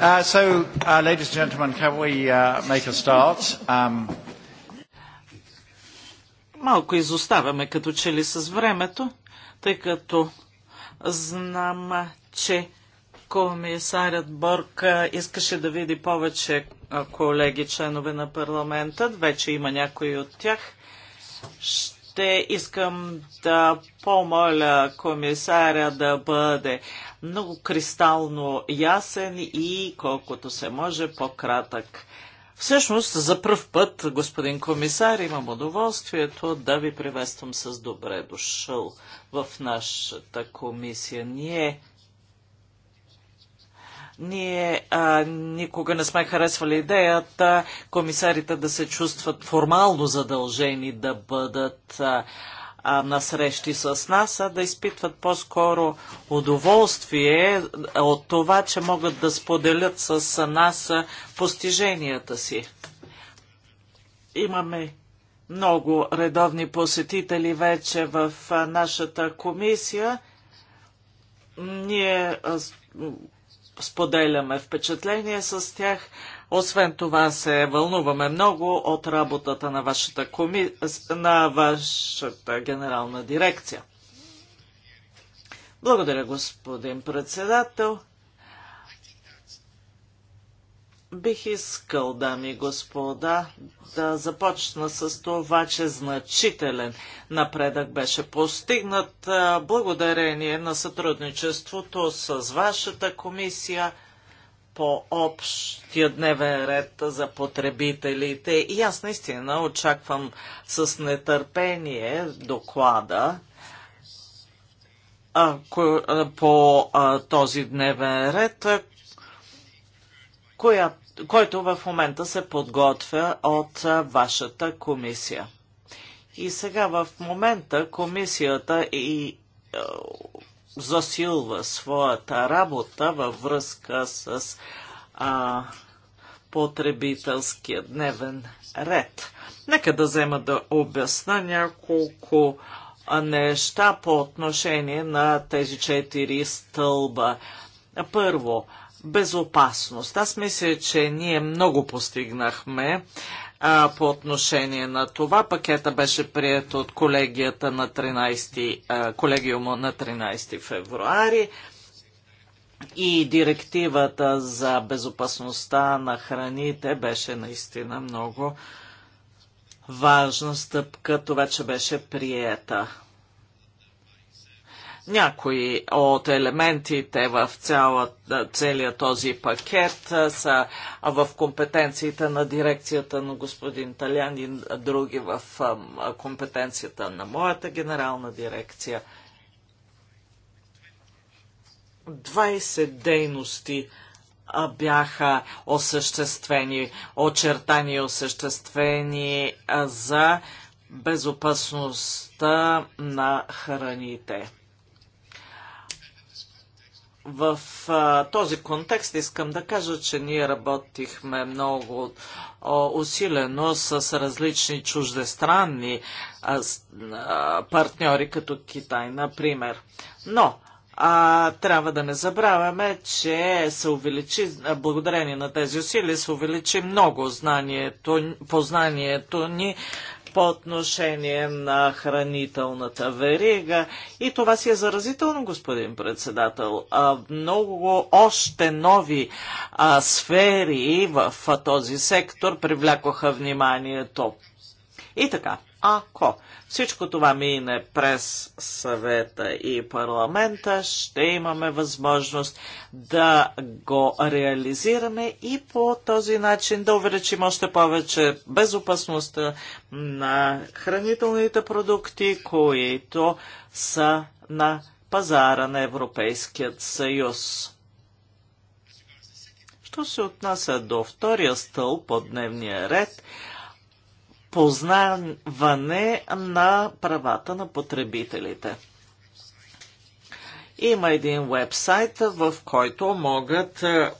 Uh, so, uh, ladies and gentlemen, can we uh, make a start? Um... Малко изоставаме като че ли с времето, тъй като знам, че комисарят Борг искаше да види повече колеги, членове на парламента. Вече има някои от тях. Ще ще искам да помоля комисаря да бъде много кристално ясен и колкото се може по-кратък. Всъщност, за първ път, господин комисар, имам удоволствието да ви приветствам с добре дошъл в нашата комисия. Ние ние а, никога не сме харесвали идеята комисарите да се чувстват формално задължени да бъдат а, а, на срещи с нас, а да изпитват по-скоро удоволствие от това, че могат да споделят с нас постиженията си. Имаме много редовни посетители вече в нашата комисия. Ние споделяме впечатление с тях. Освен това се вълнуваме много от работата на вашата, коми... на вашата генерална дирекция. Благодаря, господин председател. Бих искал, дами и господа, да започна с това, че значителен напредък беше постигнат благодарение на сътрудничеството с вашата комисия по общия дневен ред за потребителите. И аз наистина очаквам с нетърпение доклада по този дневен ред, коя, който в момента се подготвя от вашата комисия. И сега в момента комисията и е, засилва своята работа във връзка с а, потребителския дневен ред. Нека да взема да обясна няколко неща по отношение на тези четири стълба. Първо, безопасност. Аз мисля, че ние много постигнахме а, по отношение на това. Пакета беше прият от колегията на 13, а, колегиума на 13 февруари и директивата за безопасността на храните беше наистина много важна стъпка. Това, че беше приета. Някои от елементите в цяла, целият този пакет са в компетенциите на дирекцията на господин Талян и други в компетенцията на моята генерална дирекция. 20 дейности бяха осъществени, очертани и осъществени за безопасността на храните. В а, този контекст искам да кажа, че ние работихме много о, усилено с различни чуждестранни а, а, партньори, като Китай, например. Но а, трябва да не забравяме, че се увеличи, благодарение на тези усилия, се увеличи много знанието, познанието ни по отношение на хранителната верига. И това си е заразително, господин председател. А, много още нови а, сфери в а, този сектор привлякоха вниманието. И така ако всичко това мине през съвета и парламента, ще имаме възможност да го реализираме и по този начин да увеличим още повече безопасността на хранителните продукти, които са на пазара на Европейският съюз. Що се отнася до втория стълб по дневния ред – познаване на правата на потребителите. Има един вебсайт, в който могат е,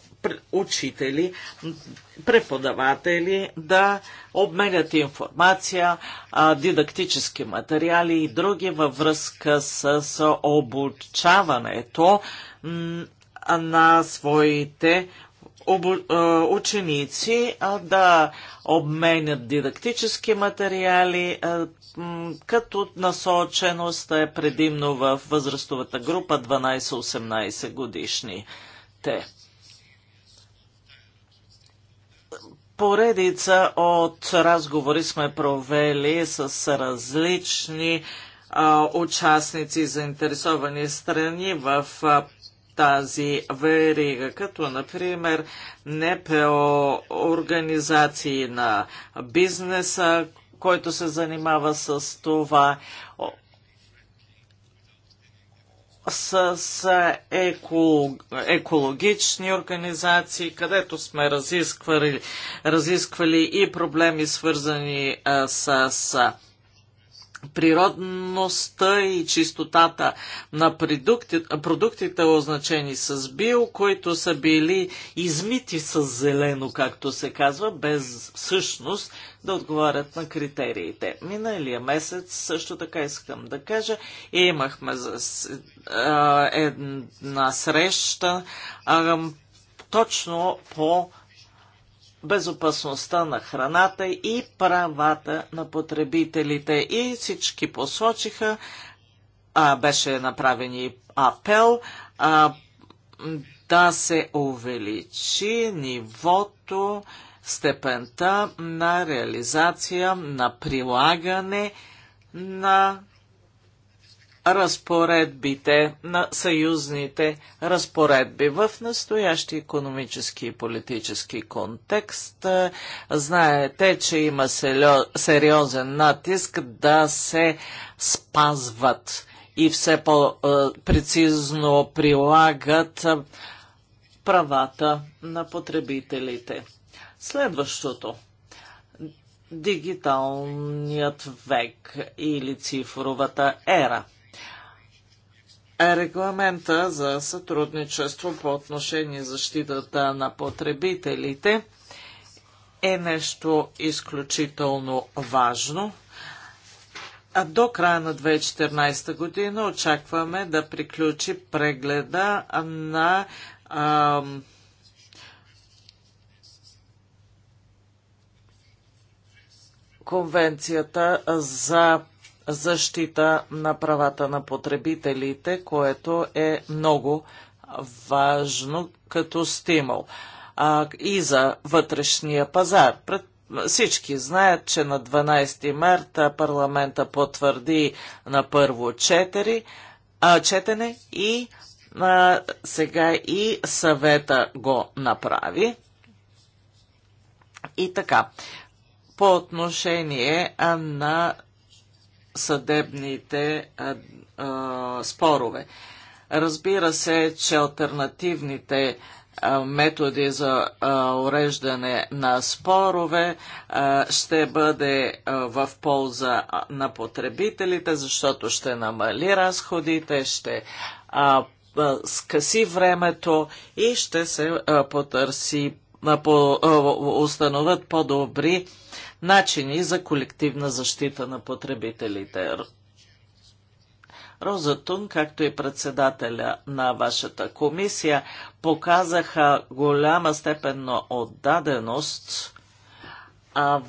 учители, преподаватели да обменят информация, дидактически материали и други във връзка с обучаването на своите ученици да обменят дидактически материали, като насоченост е предимно в възрастовата група 12-18 годишни те. Поредица от разговори сме провели с различни а, участници, заинтересовани страни в а, тази верига, като например НПО, организации на бизнеса, който се занимава с това, с еко, екологични организации, където сме разисквали, разисквали и проблеми свързани с, с природността и чистотата на продуктите, продуктите означени с био, които са били измити с зелено, както се казва, без всъщност да отговарят на критериите. Миналия месец също така искам да кажа, имахме за, а, една среща а, точно по безопасността на храната и правата на потребителите. И всички посочиха, а, беше направен и апел а, да се увеличи нивото, степента на реализация, на прилагане на разпоредбите на съюзните разпоредби. В настоящи економически и политически контекст знаете, че има сериозен натиск да се спазват и все по-прецизно прилагат правата на потребителите. Следващото дигиталният век или цифровата ера – регламента за сътрудничество по отношение защитата на потребителите е нещо изключително важно. А до края на 2014 година очакваме да приключи прегледа на ам, Конвенцията за защита на правата на потребителите, което е много важно като стимул. А, и за вътрешния пазар. Пред всички знаят, че на 12 марта парламента потвърди на първо четири, а, четене и а, сега и съвета го направи. И така, по отношение на съдебните а, а, спорове. Разбира се, че альтернативните методи за а, уреждане на спорове а, ще бъде а, в полза на потребителите, защото ще намали разходите, ще а, а, скъси времето и ще се а, потърси, а, по, а, установят по-добри а, начини за колективна защита на потребителите. Роза Тун, както и председателя на вашата комисия, показаха голяма степен на отдаденост а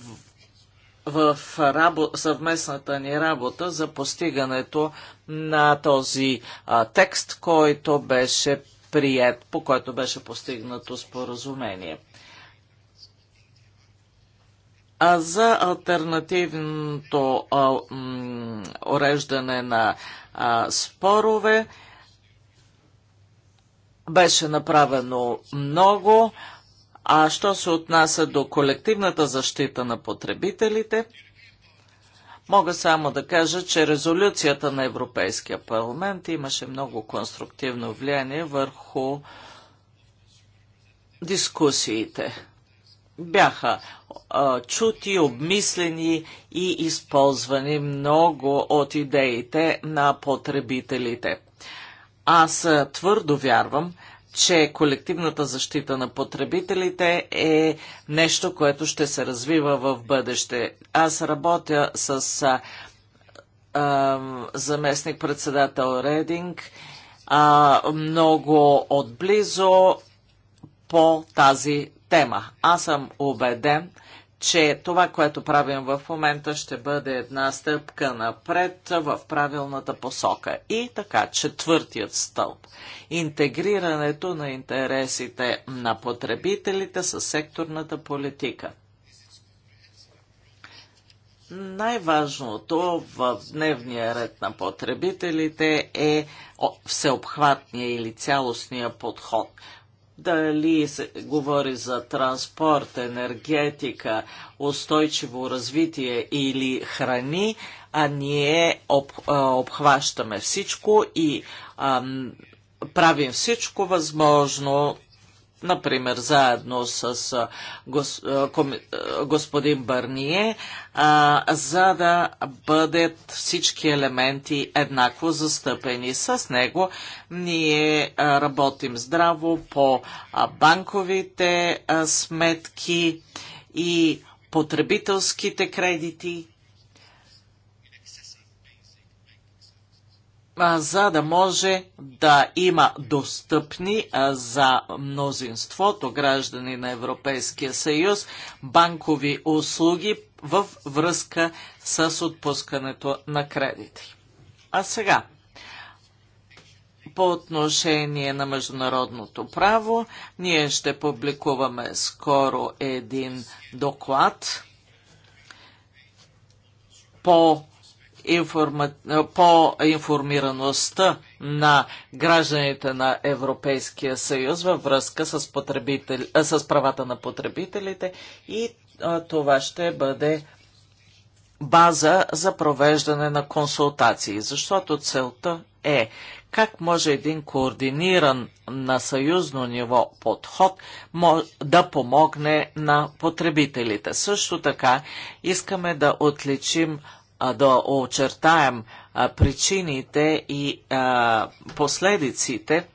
в, в рабо, съвместната ни работа за постигането на този а, текст, който беше прият, по който беше постигнато споразумение. А за альтернативното а, м, уреждане на а, спорове беше направено много. А що се отнася до колективната защита на потребителите, мога само да кажа, че резолюцията на Европейския парламент имаше много конструктивно влияние върху дискусиите. Бяха чути, обмислени и използвани много от идеите на потребителите. Аз твърдо вярвам, че колективната защита на потребителите е нещо, което ще се развива в бъдеще. Аз работя с а, а, заместник-председател Рединг а, много отблизо по тази тема. Аз съм убеден, че това, което правим в момента, ще бъде една стъпка напред в правилната посока. И така, четвъртият стълб. Интегрирането на интересите на потребителите с секторната политика. Най-важното в дневния ред на потребителите е всеобхватния или цялостния подход – дали се говори за транспорт, енергетика, устойчиво развитие или храни, а ние об, обхващаме всичко и ам, правим всичко възможно например, заедно с гос, господин Бърние, за да бъдат всички елементи еднакво застъпени. С него ние работим здраво по банковите сметки и потребителските кредити за да може да има достъпни за мнозинството граждани на Европейския съюз банкови услуги в връзка с отпускането на кредити. А сега, по отношение на международното право, ние ще публикуваме скоро един доклад по информа... по информираността на гражданите на Европейския съюз във връзка с, потребител... с правата на потребителите и това ще бъде база за провеждане на консултации, защото целта е как може един координиран на съюзно ниво подход да помогне на потребителите. Също така искаме да отличим да очертаем причините и последиците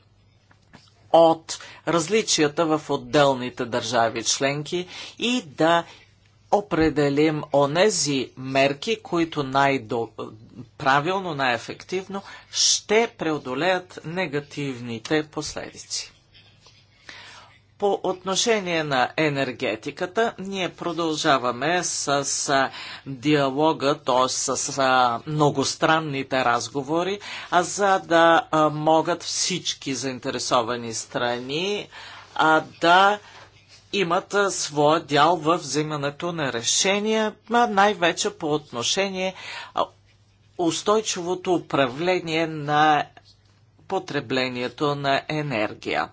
от различията в отделните държави членки и да определим онези мерки, които най-правилно, най-ефективно ще преодолеят негативните последици. По отношение на енергетиката, ние продължаваме с диалога, т.е. с многостранните разговори, а за да могат всички заинтересовани страни да имат своя дял в взимането на решения, най-вече по отношение устойчивото управление на потреблението на енергия.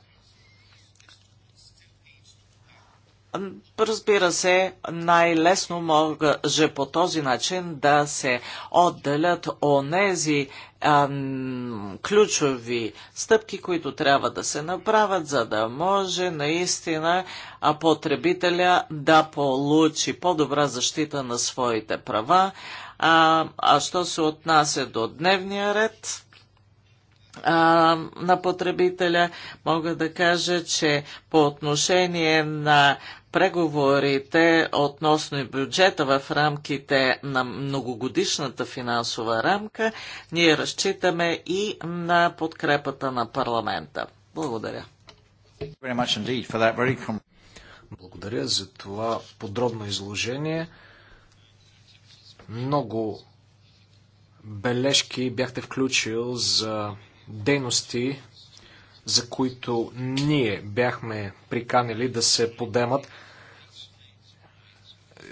Разбира се, най-лесно може по този начин да се отделят онези ам, ключови стъпки, които трябва да се направят, за да може наистина потребителя да получи по-добра защита на своите права. А, а що се отнася до дневния ред, на потребителя. Мога да кажа, че по отношение на преговорите относно бюджета в рамките на многогодишната финансова рамка, ние разчитаме и на подкрепата на парламента. Благодаря. Благодаря за това подробно изложение. Много бележки бяхте включил за дейности, за които ние бяхме приканили да се подемат.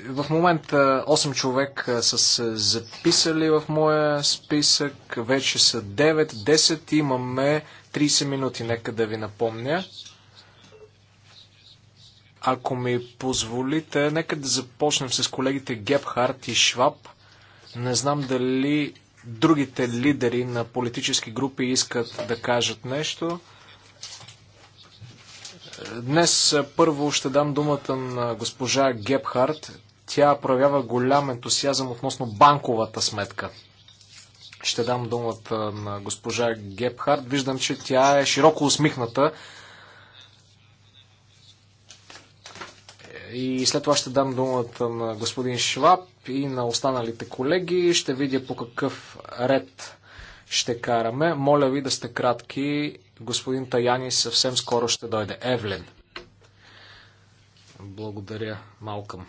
В момента 8 човека са се записали в моя списък, вече са 9-10, имаме 30 минути, нека да ви напомня. Ако ми позволите, нека да започнем с колегите Гепхарт и Шваб. Не знам дали другите лидери на политически групи искат да кажат нещо. Днес първо ще дам думата на госпожа Гепхард. Тя проявява голям ентусиазъм относно банковата сметка. Ще дам думата на госпожа Гепхард. Виждам, че тя е широко усмихната. И след това ще дам думата на господин Шваб и на останалите колеги. Ще видя по какъв ред ще караме. Моля ви да сте кратки господин Таяни съвсем скоро ще дойде. Евлен. Благодаря, Малкам.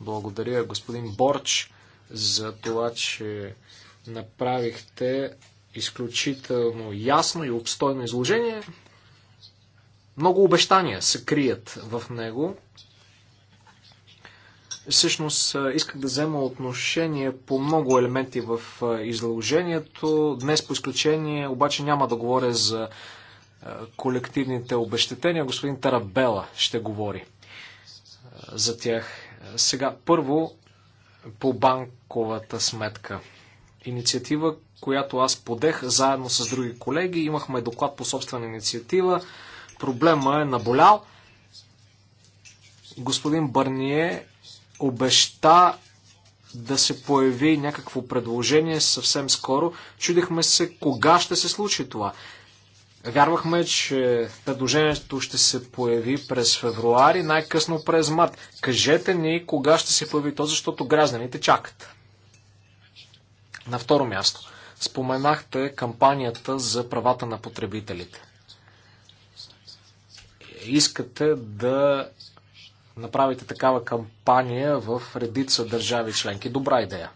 Благодаря, господин Борч, за това, че направихте изключително ясно и обстойно изложение. Много обещания се крият в него. Всъщност исках да взема отношение по много елементи в изложението. Днес по изключение обаче няма да говоря за колективните обещетения. Господин Тарабела ще говори за тях. Сега, първо по банковата сметка. Инициатива, която аз подех заедно с други колеги. Имахме доклад по собствена инициатива. Проблема е наболял. Господин Бърние обеща да се появи някакво предложение съвсем скоро. Чудихме се кога ще се случи това. Вярвахме, че предложението ще се появи през февруари, най-късно през март. Кажете ни кога ще се появи то, защото гражданите чакат. На второ място, споменахте кампанията за правата на потребителите. Искате да направите такава кампания в редица държави членки. Добра идея.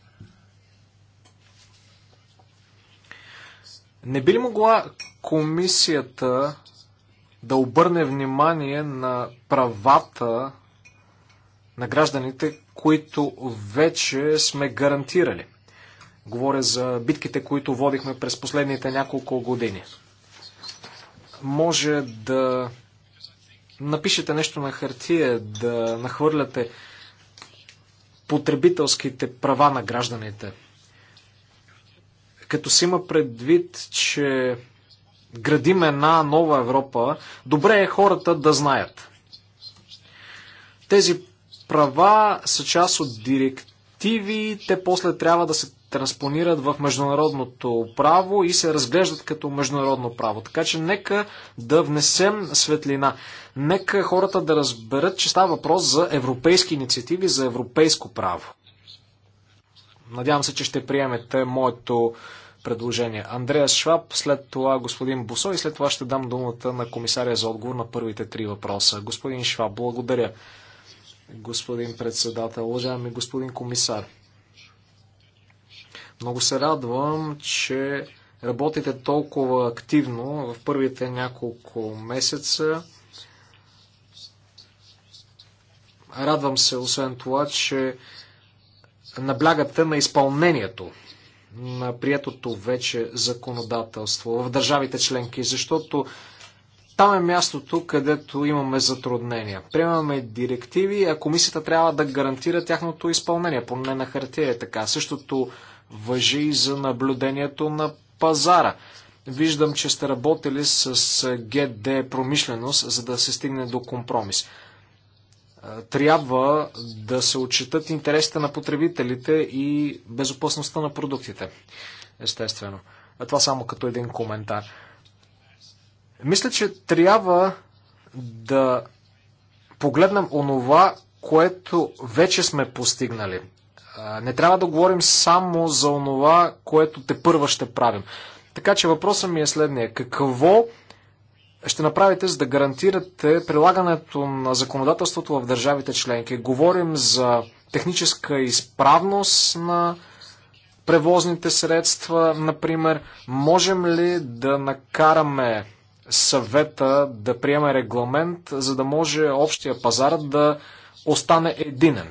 Не би ли могла комисията да обърне внимание на правата на гражданите, които вече сме гарантирали? Говоря за битките, които водихме през последните няколко години. Може да напишете нещо на хартия, да нахвърляте потребителските права на гражданите. Като си има предвид, че градим една нова Европа, добре е хората да знаят. Тези права са част от директиви, те после трябва да се транспонират в международното право и се разглеждат като международно право. Така че нека да внесем светлина. Нека хората да разберат, че става въпрос за европейски инициативи, за европейско право. Надявам се, че ще приемете моето предложение. Андреас Шваб, след това господин Бусо и след това ще дам думата на комисаря за отговор на първите три въпроса. Господин Шваб, благодаря. Господин председател, уважаеми господин комисар. Много се радвам, че работите толкова активно в първите няколко месеца. Радвам се, освен това, че наблягате на изпълнението на приетото вече законодателство в държавите членки, защото там е мястото, където имаме затруднения. Приемаме директиви, а комисията трябва да гарантира тяхното изпълнение, поне на хартия е така. Същото въжи и за наблюдението на пазара. Виждам, че сте работили с ГД промишленост, за да се стигне до компромис. Трябва да се отчитат интересите на потребителите и безопасността на продуктите. Естествено. Това само като един коментар. Мисля, че трябва да погледнем онова, което вече сме постигнали. Не трябва да говорим само за онова, което те първа ще правим. Така че въпросът ми е следния. Какво ще направите, за да гарантирате прилагането на законодателството в държавите членки? Говорим за техническа изправност на превозните средства, например. Можем ли да накараме съвета да приеме регламент, за да може общия пазар да остане единен?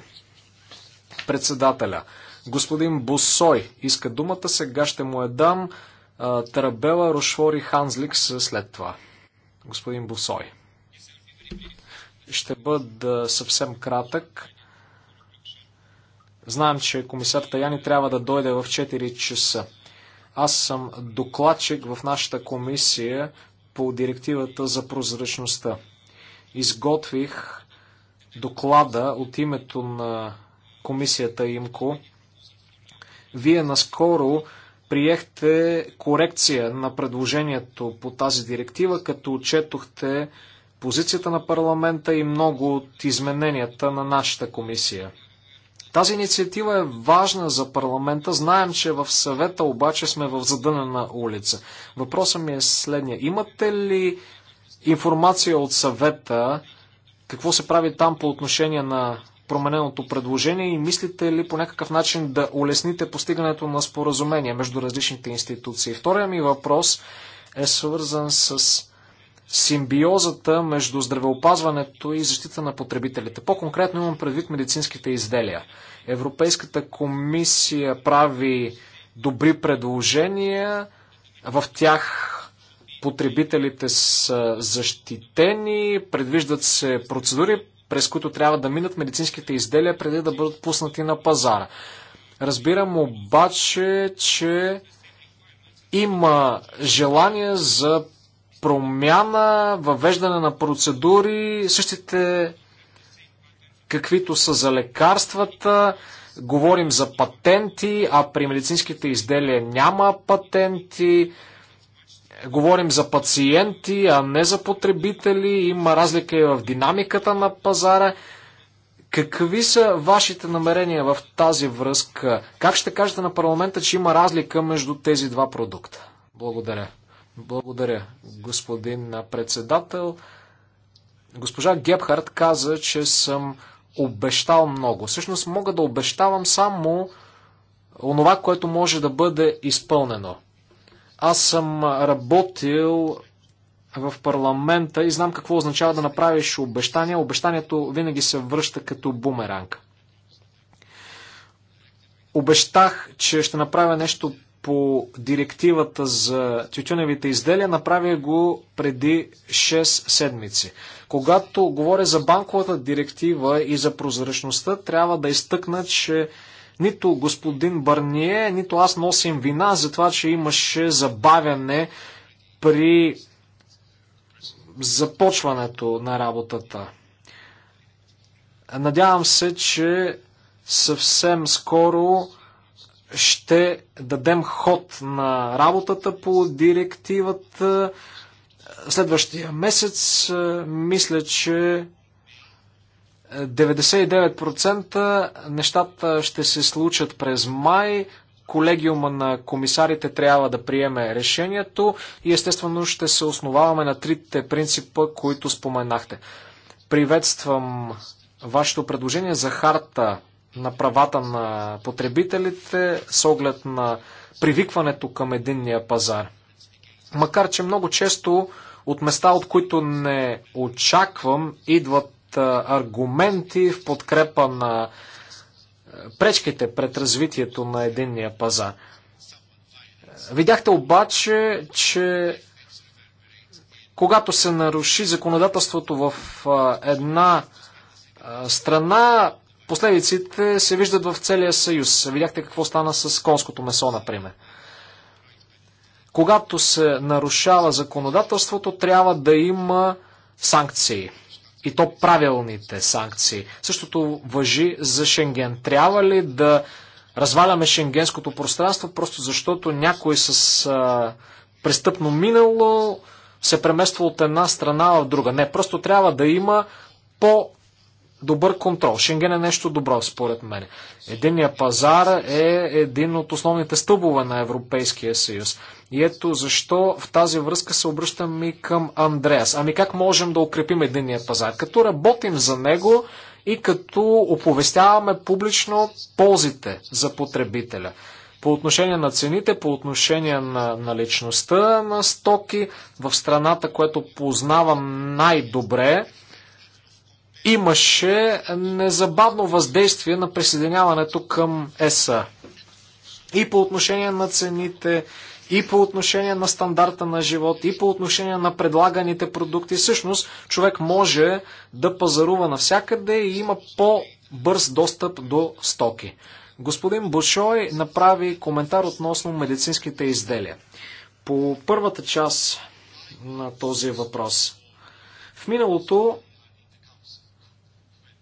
Председателя. Господин Босой иска думата, сега ще му я дам. Тарабела, Рошвори и Ханзликс след това. Господин Босой. Ще бъда съвсем кратък. Знаем, че комисар Таяни трябва да дойде в 4 часа. Аз съм докладчик в нашата комисия по директивата за прозрачността. Изготвих доклада от името на комисията ИМКО. Вие наскоро приехте корекция на предложението по тази директива, като отчетохте позицията на парламента и много от измененията на нашата комисия. Тази инициатива е важна за парламента. Знаем, че в съвета обаче сме в задънена улица. Въпросът ми е следния. Имате ли информация от съвета какво се прави там по отношение на промененото предложение и мислите ли по някакъв начин да улесните постигането на споразумение между различните институции? Втория ми въпрос е свързан с симбиозата между здравеопазването и защита на потребителите. По-конкретно имам предвид медицинските изделия. Европейската комисия прави добри предложения, в тях потребителите са защитени, предвиждат се процедури през които трябва да минат медицинските изделия преди да бъдат пуснати на пазара. Разбирам обаче, че има желание за промяна, въвеждане на процедури, същите каквито са за лекарствата, говорим за патенти, а при медицинските изделия няма патенти, говорим за пациенти, а не за потребители. Има разлика и в динамиката на пазара. Какви са вашите намерения в тази връзка? Как ще кажете на парламента, че има разлика между тези два продукта? Благодаря. Благодаря, господин председател. Госпожа Гебхард каза, че съм обещал много. Всъщност мога да обещавам само онова, което може да бъде изпълнено. Аз съм работил в парламента и знам какво означава да направиш обещания. Обещанието винаги се връща като бумеранг. Обещах, че ще направя нещо по директивата за тютюневите изделия, направя го преди 6 седмици. Когато говоря за банковата директива и за прозрачността, трябва да изтъкна, че нито господин Барние, нито аз носим вина за това, че имаше забавяне при започването на работата. Надявам се, че съвсем скоро ще дадем ход на работата по директивата. Следващия месец мисля, че 99% нещата ще се случат през май. Колегиума на комисарите трябва да приеме решението и естествено ще се основаваме на трите принципа, които споменахте. Приветствам вашето предложение за харта на правата на потребителите с оглед на привикването към единния пазар. Макар, че много често от места, от които не очаквам, идват аргументи в подкрепа на пречките пред развитието на единния пазар. Видяхте обаче, че когато се наруши законодателството в една страна, последиците се виждат в целия съюз. Видяхте какво стана с конското месо, например. Когато се нарушава законодателството, трябва да има санкции и то правилните санкции. Същото въжи за Шенген. Трябва ли да разваляме шенгенското пространство, просто защото някой с а, престъпно минало се премества от една страна в друга? Не, просто трябва да има по добър контрол. Шенген е нещо добро, според мен. Единия пазар е един от основните стълбове на Европейския съюз. И ето защо в тази връзка се обръщам и към Андреас. Ами как можем да укрепим единния пазар? Като работим за него и като оповестяваме публично ползите за потребителя. По отношение на цените, по отношение на, наличността личността на стоки, в страната, което познавам най-добре, имаше незабавно въздействие на присъединяването към ЕСА. И по отношение на цените, и по отношение на стандарта на живот, и по отношение на предлаганите продукти. Всъщност, човек може да пазарува навсякъде и има по-бърз достъп до стоки. Господин Бушой направи коментар относно медицинските изделия. По първата част на този въпрос. В миналото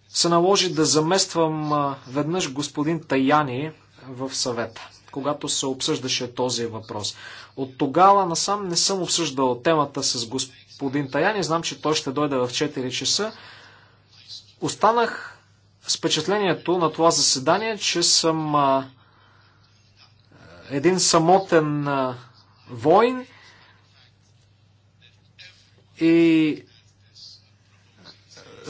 се наложи да замествам веднъж господин Таяни в съвета, когато се обсъждаше този въпрос. От тогава насам не съм обсъждал темата с господин Таяни. Знам, че той ще дойде в 4 часа. Останах с впечатлението на това заседание, че съм един самотен войн и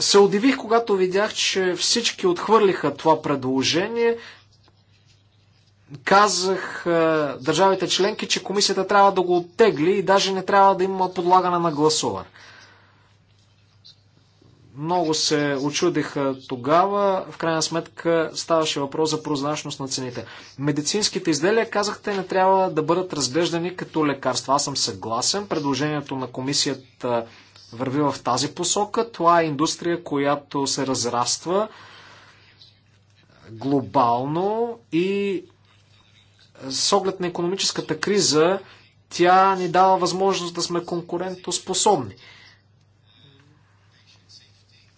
се удивих, когато видях, че всички отхвърлиха това предложение. Казах е, държавите членки, че комисията трябва да го оттегли и даже не трябва да има подлагане на гласуване. Много се очудиха тогава. В крайна сметка ставаше въпрос за прозрачност на цените. Медицинските изделия, казахте, не трябва да бъдат разглеждани като лекарства. Аз съм съгласен. Предложението на комисията върви в тази посока. Това е индустрия, която се разраства глобално и с оглед на економическата криза, тя ни дава възможност да сме конкурентоспособни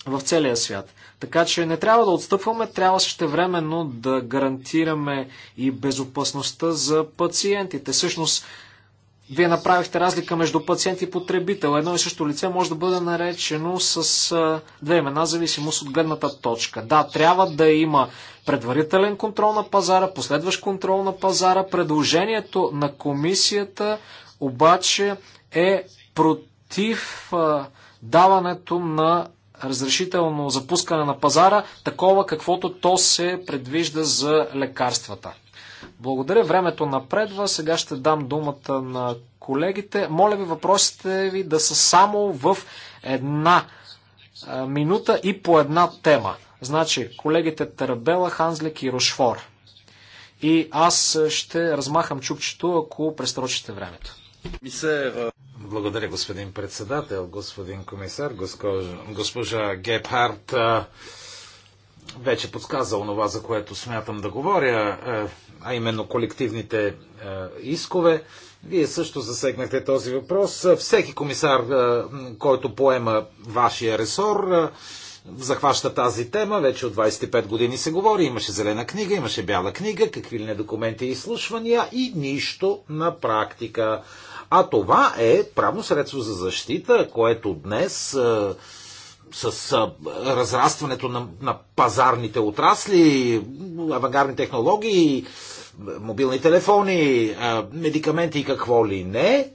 в целия свят. Така че не трябва да отстъпваме, трябва същевременно да гарантираме и безопасността за пациентите. Всъщност, вие направихте разлика между пациент и потребител. Едно и също лице може да бъде наречено с две имена, зависимост от гледната точка. Да, трябва да има предварителен контрол на пазара, последващ контрол на пазара. Предложението на комисията обаче е против даването на разрешително запускане на пазара, такова каквото то се предвижда за лекарствата. Благодаря, времето напредва. Сега ще дам думата на колегите. Моля ви въпросите ви да са само в една минута и по една тема. Значи, колегите Тарабела, Ханзлик и Рошфор. И аз ще размахам чукчето, ако престрочите времето. Благодаря, господин председател, господин комисар, госпожа, госпожа Гепхарт. Вече подсказа онова, за което смятам да говоря. Е, а именно колективните е, искове. Вие също засегнахте този въпрос. Всеки комисар, е, който поема вашия ресор, е, захваща тази тема. Вече от 25 години се говори. Имаше зелена книга, имаше бяла книга, какви ли не документи и изслушвания и нищо на практика. А това е правно средство за защита, което днес с разрастването на, на пазарните отрасли, авангардни технологии, мобилни телефони, медикаменти и какво ли не.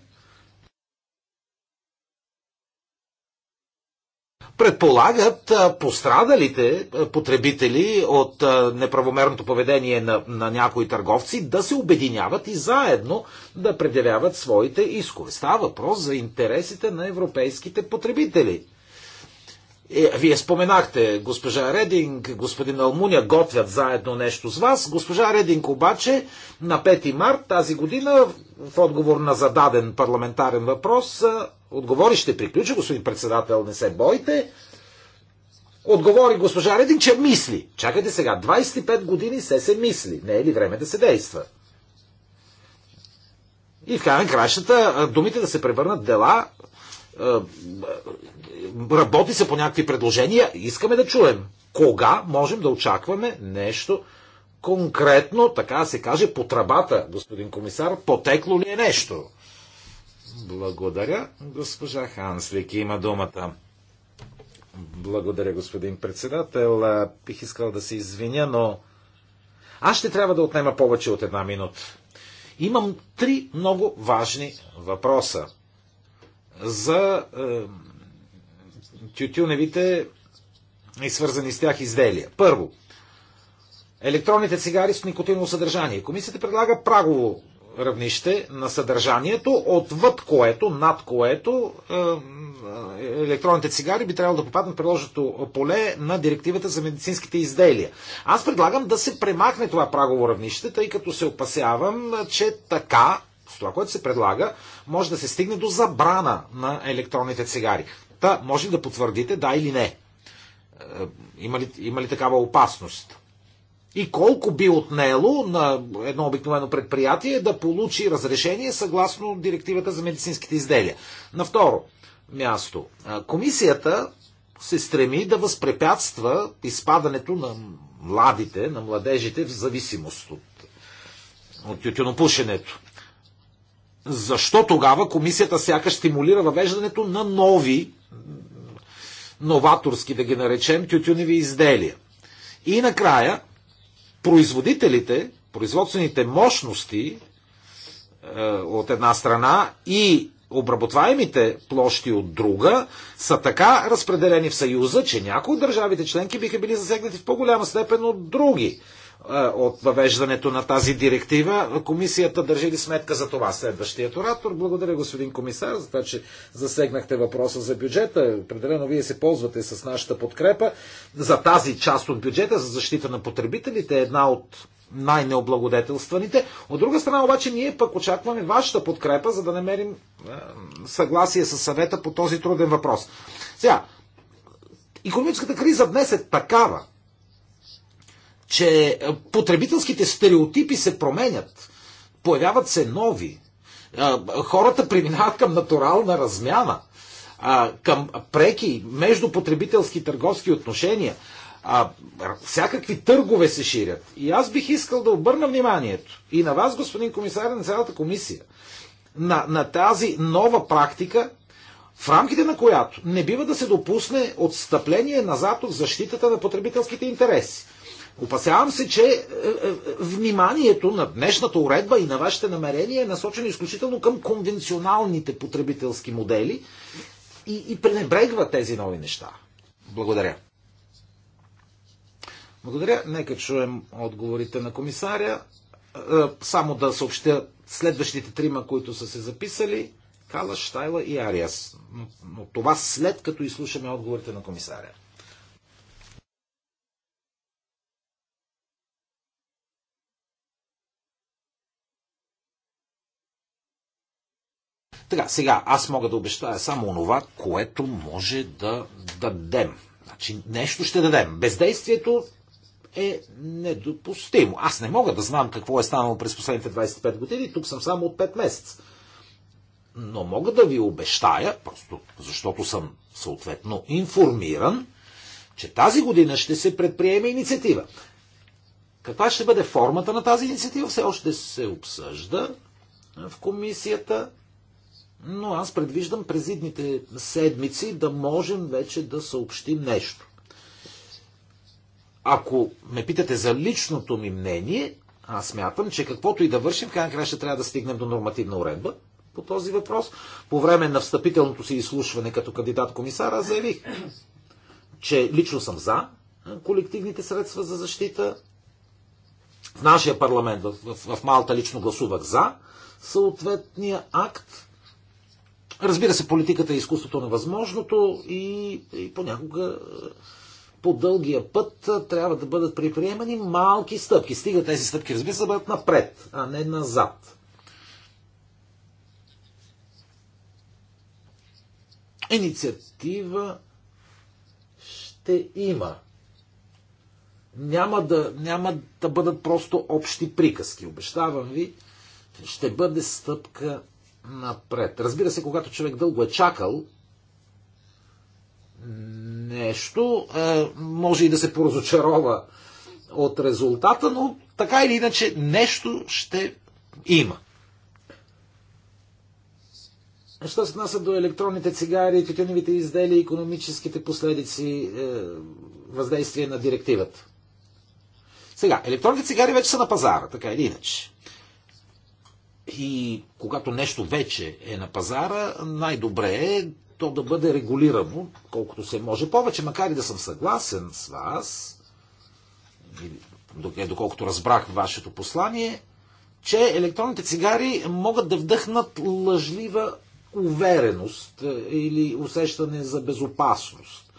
предполагат пострадалите потребители от неправомерното поведение на, на някои търговци да се обединяват и заедно да предявяват своите искове. Става въпрос за интересите на европейските потребители. Е, вие споменахте, госпожа Рединг, господин Алмуня готвят заедно нещо с вас. Госпожа Рединг обаче на 5 март тази година в отговор на зададен парламентарен въпрос отговори ще приключи, господин председател, не се бойте. Отговори госпожа Рединг, че мисли. Чакайте сега, 25 години се се мисли. Не е ли време да се действа? И в крайна на кращата думите да се превърнат дела е, е, работи се по някакви предложения, искаме да чуем кога можем да очакваме нещо конкретно, така се каже, по трабата, господин комисар, потекло ли е нещо? Благодаря, госпожа Ханслик има думата. Благодаря, господин председател. Е, бих искал да се извиня, но аз ще трябва да отнема повече от една минута. Имам три много важни въпроса за тютюневите и свързани с тях изделия. Първо, електронните цигари с никотиново съдържание. Комисията предлага прагово равнище на съдържанието, отвъд което, над което електронните цигари би трябвало да попаднат в приложеното поле на директивата за медицинските изделия. Аз предлагам да се премахне това прагово равнище, тъй като се опасявам, че така с това, което се предлага, може да се стигне до забрана на електронните цигари. Та, може ли да потвърдите да или не? Е, има ли, има ли такава опасност? И колко би отнело на едно обикновено предприятие да получи разрешение съгласно директивата за медицинските изделия? На второ място, е, комисията се стреми да възпрепятства изпадането на младите, на младежите в зависимост от, от тютюнопушенето. Защо тогава комисията сякаш стимулира въвеждането на нови, новаторски да ги наречем, тютюневи изделия? И накрая, производителите, производствените мощности е, от една страна и обработваемите площи от друга са така разпределени в Съюза, че някои от държавите членки биха били засегнати в по-голяма степен от други. Е, от въвеждането на тази директива. Комисията държи ли сметка за това? Следващият оратор. Благодаря, господин комисар, за това, че засегнахте въпроса за бюджета. Определено вие се ползвате с нашата подкрепа за тази част от бюджета, за защита на потребителите. Една от най-необлагодетелстваните. От друга страна обаче ние пък очакваме вашата подкрепа, за да намерим е, съгласие с съвета по този труден въпрос. Сега, економическата криза днес е такава, че потребителските стереотипи се променят, появяват се нови. Хората преминават към натурална размяна, към преки между потребителски и търговски отношения. Всякакви търгове се ширят. И аз бих искал да обърна вниманието и на вас, господин комисар, на цялата комисия, на, на тази нова практика, в рамките на която не бива да се допусне отстъпление назад от защитата на потребителските интереси. Опасявам се, че е, е, вниманието на днешната уредба и на вашите намерения е насочено изключително към конвенционалните потребителски модели и, и пренебрегва тези нови неща. Благодаря. Благодаря. Нека чуем отговорите на комисаря. Е, само да съобщя следващите трима, които са се записали. Кала, Штайла и Ариас. Но това след като изслушаме отговорите на комисаря. Така, сега аз мога да обещая само онова, което може да дадем. Значи нещо ще дадем. Бездействието е недопустимо. Аз не мога да знам какво е станало през последните 25 години. Тук съм само от 5 месеца. Но мога да ви обещая, просто защото съм съответно информиран, че тази година ще се предприеме инициатива. Каква ще бъде формата на тази инициатива, все още се обсъжда в комисията но аз предвиждам през идните седмици да можем вече да съобщим нещо. Ако ме питате за личното ми мнение, аз смятам, че каквото и да вършим, край края ще трябва да стигнем до нормативна уредба по този въпрос. По време на встъпителното си изслушване като кандидат комисар, аз заявих, че лично съм за колективните средства за защита. В нашия парламент, в, в, в Малта лично гласувах за съответния акт Разбира се, политиката е изкуството на възможното и, и понякога е, по дългия път е, трябва да бъдат приприемани малки стъпки. Стига тези стъпки, разбира се, да бъдат напред, а не назад. Инициатива ще има. Няма да, няма да бъдат просто общи приказки. Обещавам ви, ще бъде стъпка напред. Разбира се, когато човек дълго е чакал нещо, е, може и да се поразочарова от резултата, но така или иначе нещо ще има. Що се отнася до електронните цигари, тютюневите изделия економическите последици, е, въздействие на директивата? Сега, електронните цигари вече са на пазара, така или иначе. И когато нещо вече е на пазара, най-добре е то да бъде регулирано, колкото се може повече, макар и да съм съгласен с вас, е, доколкото разбрах вашето послание, че електронните цигари могат да вдъхнат лъжлива увереност е, или усещане за безопасност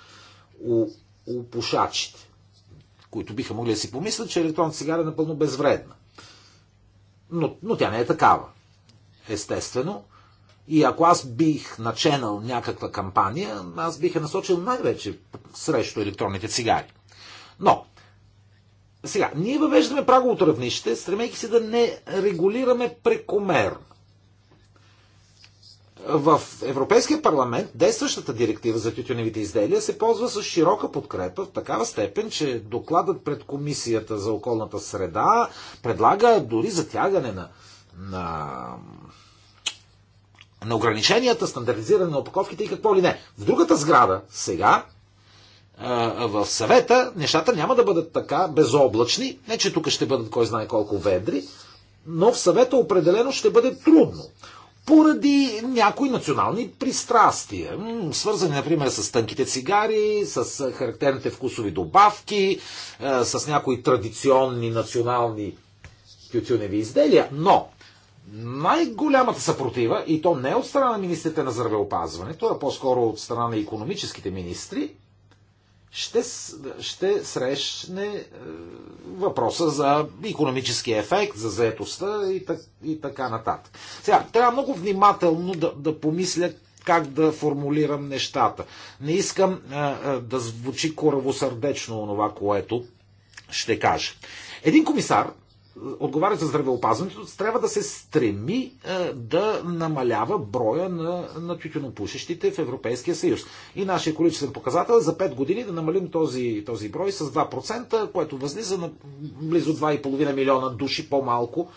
у, у пушачите, които биха могли да си помислят, че електронната цигара е напълно безвредна но, но тя не е такава. Естествено. И ако аз бих наченал някаква кампания, аз бих я е насочил най-вече срещу електронните цигари. Но, сега, ние въвеждаме праговото равнище, стремейки се да не регулираме прекомерно. В Европейския парламент действащата директива за тютюневите изделия се ползва с широка подкрепа в такава степен, че докладът пред Комисията за околната среда предлага дори затягане на, на, на ограниченията, стандартизиране на опаковките и какво ли не. В другата сграда сега в съвета нещата няма да бъдат така безоблачни, не че тук ще бъдат кой знае колко ведри, но в съвета определено ще бъде трудно поради някои национални пристрастия, свързани, например, с тънките цигари, с характерните вкусови добавки, с някои традиционни национални тютюневи изделия. Но най-голямата съпротива, и то не от страна на министрите на здравеопазването, а по-скоро от страна на економическите министри, ще, ще срещне е, въпроса за економически ефект, за заетостта и, так, и така нататък. Сега, трябва много внимателно да, да помисля как да формулирам нещата. Не искам а, е, а, е, да звучи коравосърдечно онова, което ще кажа. Един комисар отговаря за здравеопазването, трябва да се стреми е, да намалява броя на, на тютюнопушещите в Европейския съюз. И нашия количествен показател е за 5 години да намалим този, този брой с 2%, което възлиза на близо 2,5 милиона души по-малко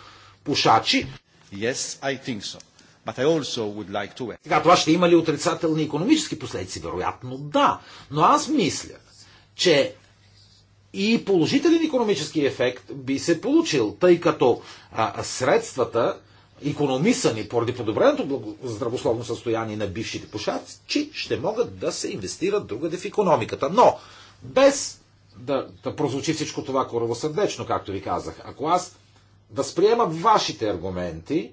пушачи. Yes, I think so. But I also would like to... Сега, това ще има ли отрицателни економически последици? Вероятно да. Но аз мисля, че и положителен економически ефект би се получил, тъй като а, средствата, економисани поради подобреното здравословно състояние на бившите пушачи, ще могат да се инвестират другаде в економиката. Но, без да, да прозвучи всичко това коровосърдечно, както ви казах, ако аз възприемам вашите аргументи,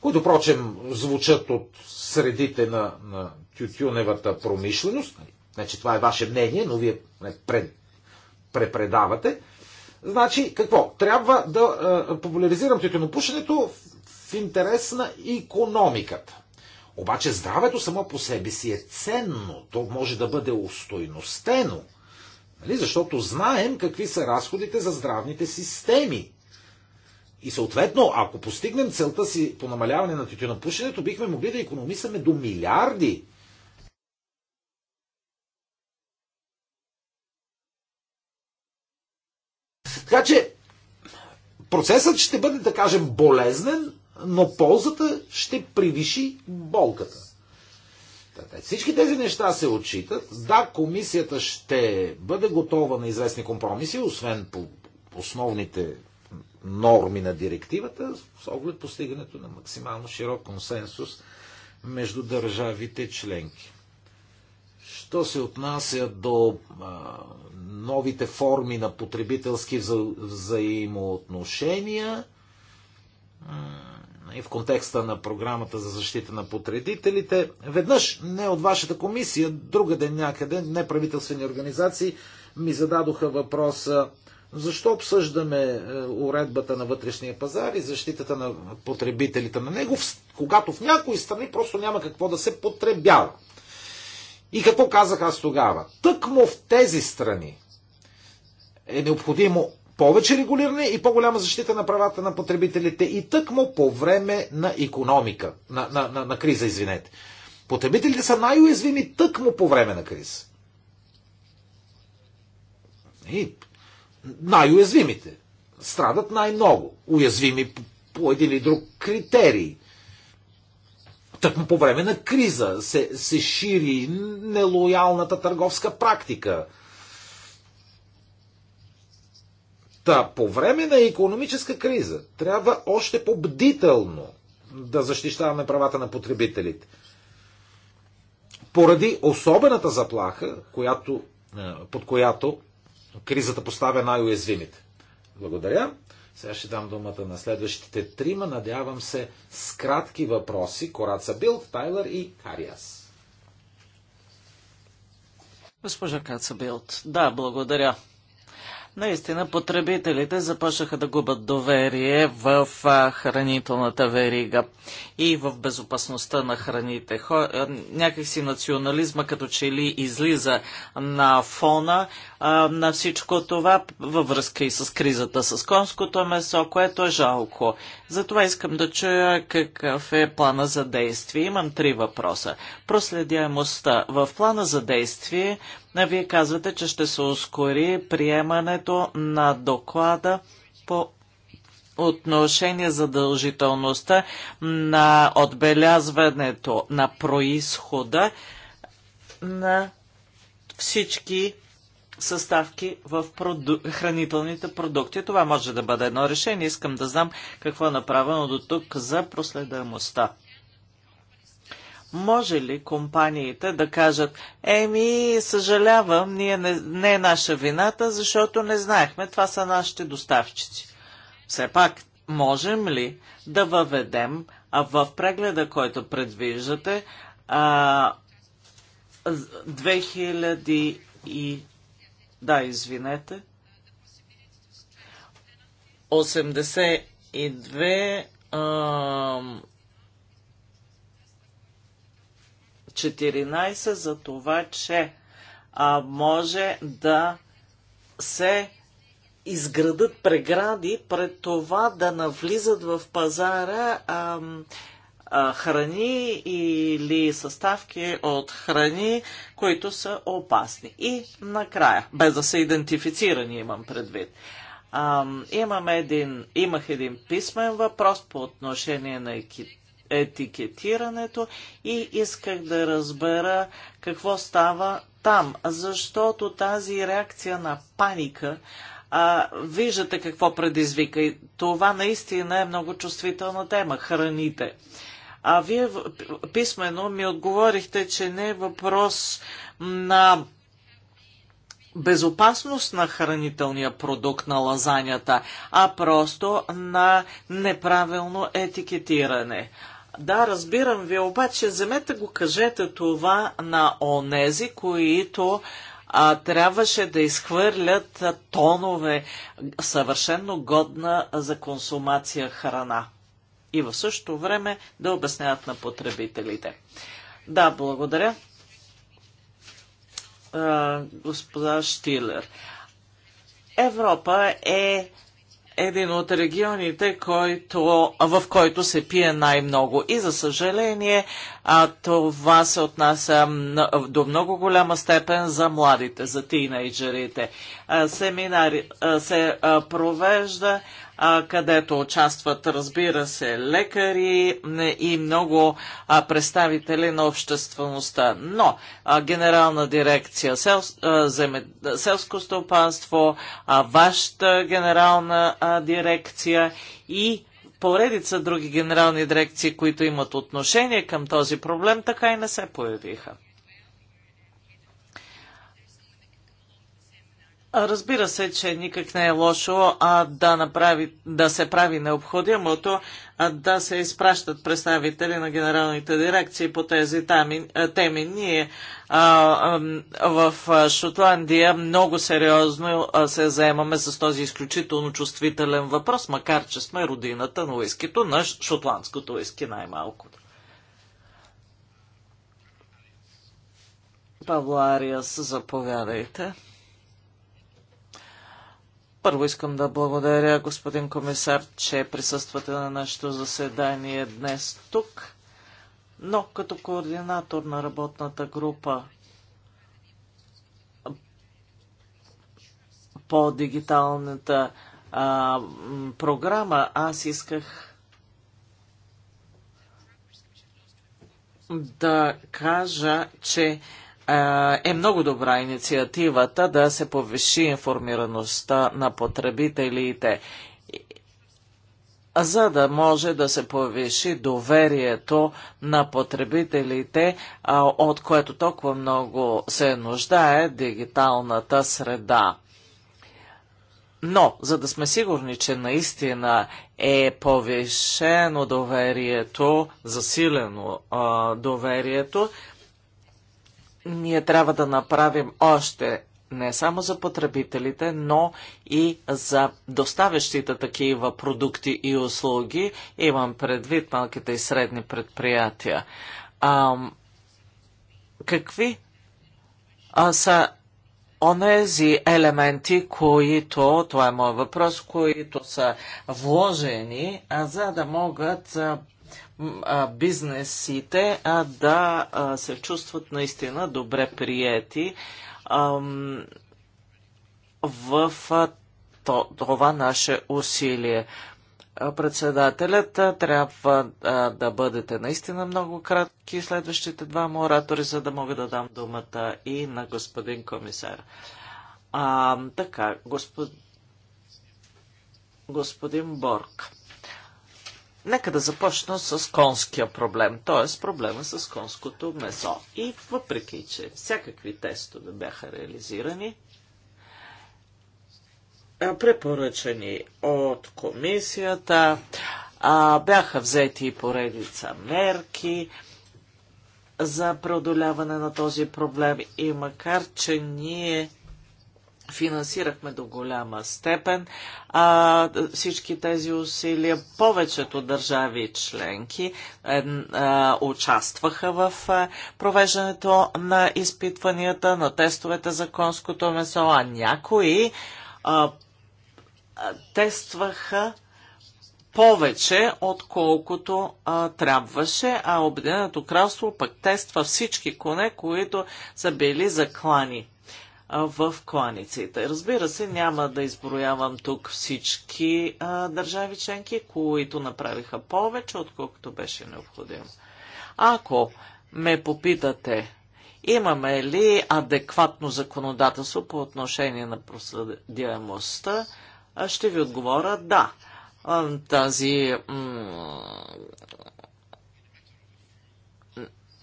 които, прочем, звучат от средите на, на тютюневата промишленост, Значи това е ваше мнение, но вие препредавате. Значи, какво? Трябва да е, популяризирам тютюнопушенето в интерес на економиката. Обаче здравето само по себе си е ценно. То може да бъде устойностено. Нали? Защото знаем какви са разходите за здравните системи. И съответно, ако постигнем целта си по намаляване на тютюнопушенето, бихме могли да економисаме до милиарди Така че процесът ще бъде, да кажем, болезнен, но ползата ще превиши болката. Всички тези неща се отчитат. Да, комисията ще бъде готова на известни компромиси, освен по основните норми на директивата, с оглед постигането на максимално широк консенсус между държавите членки. Що се отнася до новите форми на потребителски взаимоотношения и в контекста на програмата за защита на потребителите, веднъж не от вашата комисия, друга ден някъде, неправителствени организации ми зададоха въпроса защо обсъждаме е, уредбата на вътрешния пазар и защитата на потребителите на него, когато в някои страни просто няма какво да се потребява. И какво казах аз тогава? Тъкмо в тези страни е необходимо повече регулиране и по-голяма защита на правата на потребителите и тъкмо по време на економика, на, на, на, на криза, извинете. Потребителите са най-уязвими тъкмо по време на криза. И най-уязвимите страдат най-много. Уязвими по, по един или друг критерий. Тъкмо по време на криза се, се шири нелоялната търговска практика. Та по време на економическа криза трябва още по-бдително да защищаваме правата на потребителите. Поради особената заплаха, която, е, под която кризата поставя най-уязвимите. Благодаря. Сега ще дам думата на следващите трима, надявам се, с кратки въпроси. Кораца Билд, Тайлър и Кариас. Госпожа Каца Билд, да, благодаря наистина потребителите започнаха да губят доверие в хранителната верига и в безопасността на храните. Някакси национализма като че ли излиза на фона на всичко това във връзка и с кризата с конското месо, което е жалко. Затова искам да чуя какъв е плана за действие. Имам три въпроса. Проследяемостта. В плана за действие вие казвате, че ще се ускори приемането на доклада по отношение задължителността на отбелязването на происхода на всички съставки в проду... хранителните продукти. Това може да бъде едно решение. Искам да знам какво е направено до тук за проследаемостта. Може ли компаниите да кажат, еми, съжалявам, ние не, не е наша вината, защото не знаехме, това са нашите доставчици. Все пак, можем ли да въведем а в прегледа, който предвиждате, а, 2000 и... Да, извинете. 82 а, 14 за това, че а, може да се изградат прегради пред това да навлизат в пазара а, а, храни или съставки от храни, които са опасни. И накрая, без да са идентифицирани, имам предвид. А, имам един, имах един писмен въпрос по отношение на Китай етикетирането и исках да разбера какво става там, защото тази реакция на паника, а, виждате какво предизвика и това наистина е много чувствителна тема – храните. А вие писменно ми отговорихте, че не е въпрос на безопасност на хранителния продукт на лазанята, а просто на неправилно етикетиране. Да, разбирам ви, обаче вземете го, кажете това на онези, които а, трябваше да изхвърлят тонове съвършенно годна за консумация храна. И в същото време да обясняват на потребителите. Да, благодаря. А, господа Штилер. Европа е един от регионите, който, в който се пие най-много. И за съжаление, а това се отнася до много голяма степен за младите, за тинейджерите. Семинари се провежда където участват, разбира се, лекари и много представители на обществеността. Но Генерална дирекция селско стопанство, вашата генерална дирекция и поредица други генерални дирекции, които имат отношение към този проблем, така и не се появиха. Разбира се, че никак не е лошо а, да, направи, да се прави необходимото а, да се изпращат представители на генералните дирекции по тези тами, теми. Ние а, а, в Шотландия много сериозно а, се заемаме с този изключително чувствителен въпрос, макар че сме родината на уискито, на шотландското уиски най-малкото. Павло Ариас, заповядайте. Първо искам да благодаря господин комисар, че присъствате на нашето заседание днес тук, но като координатор на работната група по дигиталната а, програма, аз исках да кажа, че е, е много добра инициативата да се повиши информираността на потребителите, за да може да се повиши доверието на потребителите, от което толкова много се нуждае дигиталната среда. Но, за да сме сигурни, че наистина е повишено доверието, засилено а, доверието, ние трябва да направим още не само за потребителите, но и за доставящите такива продукти и услуги. Имам предвид малките и средни предприятия. А, какви а, са онези елементи, които, това е моят въпрос, които са вложени, а за да могат бизнесите да се чувстват наистина добре приети в това наше усилие. Председателят трябва да бъдете наистина много кратки следващите два оратори, за да мога да дам думата и на господин комисар. А, така, господ... господин Борг. Нека да започна с конския проблем, т.е. проблема с конското месо. И въпреки, че всякакви тестове бяха реализирани, препоръчани от комисията, бяха взети и поредица мерки за преодоляване на този проблем и макар, че ние финансирахме до голяма степен а, всички тези усилия. Повечето държави членки е, а, участваха в а, провеждането на изпитванията, на тестовете за конското месо, а някои а, а, тестваха повече, отколкото а, трябваше, а Обединеното кралство пък тества всички коне, които са били заклани в кланиците. Разбира се, няма да изброявам тук всички а, държави членки, които направиха повече, отколкото беше необходимо. Ако ме попитате, имаме ли адекватно законодателство по отношение на проследяемостта, ще ви отговоря да. Тази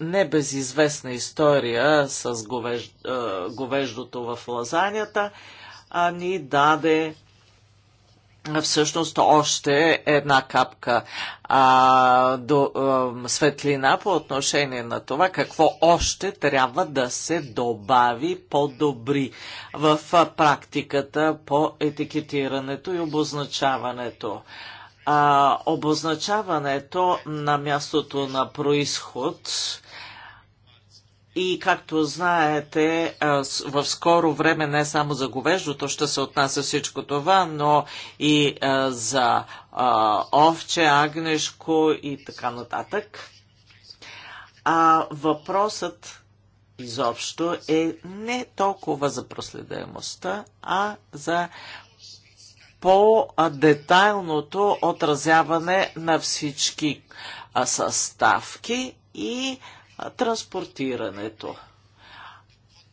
небезизвестна история с говеж... говеждото в лазанята а ни даде всъщност още една капка а, до, а, светлина по отношение на това какво още трябва да се добави по-добри в практиката по етикетирането и обозначаването а, обозначаването на мястото на происход и както знаете, в скоро време не само за говеждото ще се отнася всичко това, но и за овче, агнешко и така нататък. А въпросът изобщо е не толкова за проследаемостта, а за по-детайлното отразяване на всички съставки и транспортирането.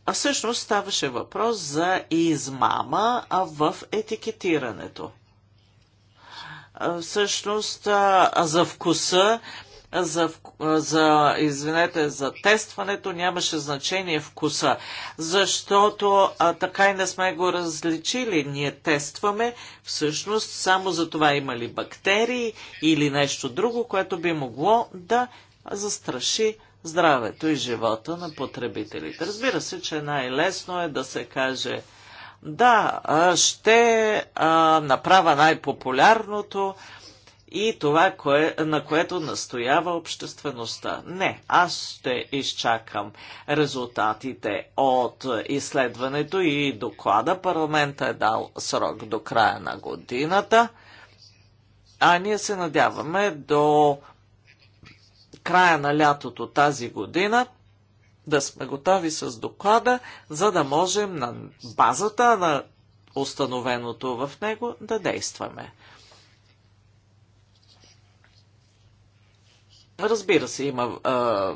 А всъщност ставаше въпрос за измама в етикетирането. Всъщност за вкуса за, за, извинете, за тестването нямаше значение вкуса, защото а, така и не сме го различили. Ние тестваме всъщност само за това има ли бактерии или нещо друго, което би могло да застраши здравето и живота на потребителите. Разбира се, че най-лесно е да се каже да, ще а, направя най-популярното, и това, кое, на което настоява обществеността. Не, аз ще изчакам резултатите от изследването и доклада. Парламента е дал срок до края на годината, а ние се надяваме до края на лятото тази година да сме готови с доклада, за да можем на базата на установеното в него да действаме. Разбира се, има а,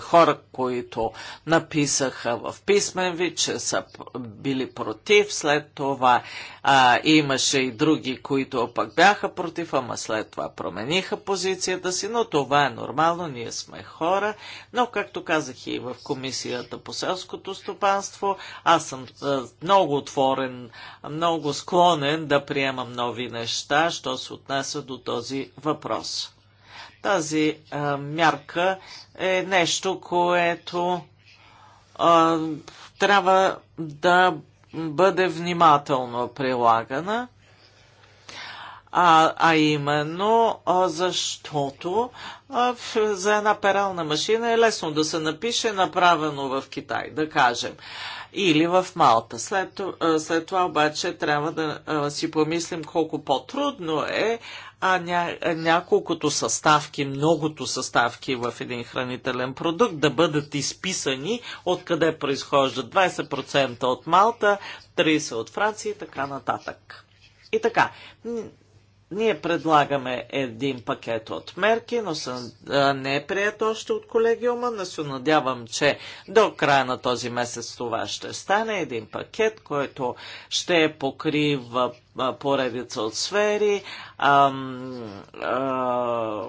хора, които написаха в писмен вид, че са били против, след това а, имаше и други, които пък бяха против, ама след това промениха позицията си, но това е нормално, ние сме хора, но както казах и в Комисията по селското стопанство, аз съм а, много отворен, много склонен да приемам нови неща, що се отнася до този въпрос. Тази а, мярка е нещо, което а, трябва да бъде внимателно прилагана, а, а именно а, защото а, в, за една перална машина е лесно да се напише направено в Китай, да кажем, или в Малта. След, а, след това обаче трябва да а, си помислим колко по-трудно е а ня, няколкото съставки, многото съставки в един хранителен продукт да бъдат изписани откъде произхождат 20% от Малта, 30% от Франция и така нататък. И така, ние предлагаме един пакет от мерки, но съм, а, не е прият още от колегиума, но се надявам, че до края на този месец това ще стане един пакет, който ще покрива поредица от сфери. А, а,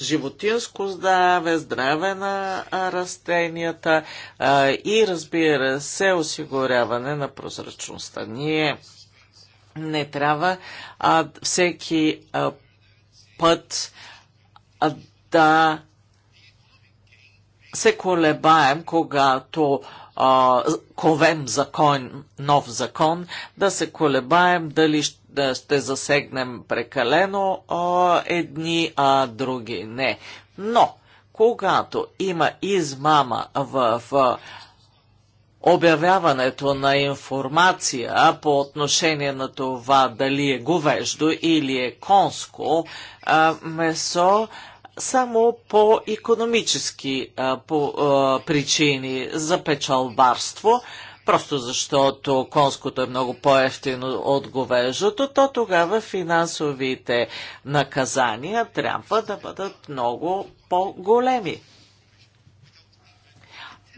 животинско здраве, здраве на растенията а, и разбира се осигуряване на прозрачността. Ние не трябва а, всеки а, път а, да се колебаем, когато а, а, ковем закон, нов закон, да се колебаем дали ще, засегнем прекалено а, едни, а други не. Но, когато има измама в, в обявяването на информация по отношение на това дали е говеждо или е конско а, месо, само по економически а, по, а, причини за печалбарство, просто защото конското е много по-ефтино от говежото, то тогава финансовите наказания трябва да бъдат много по-големи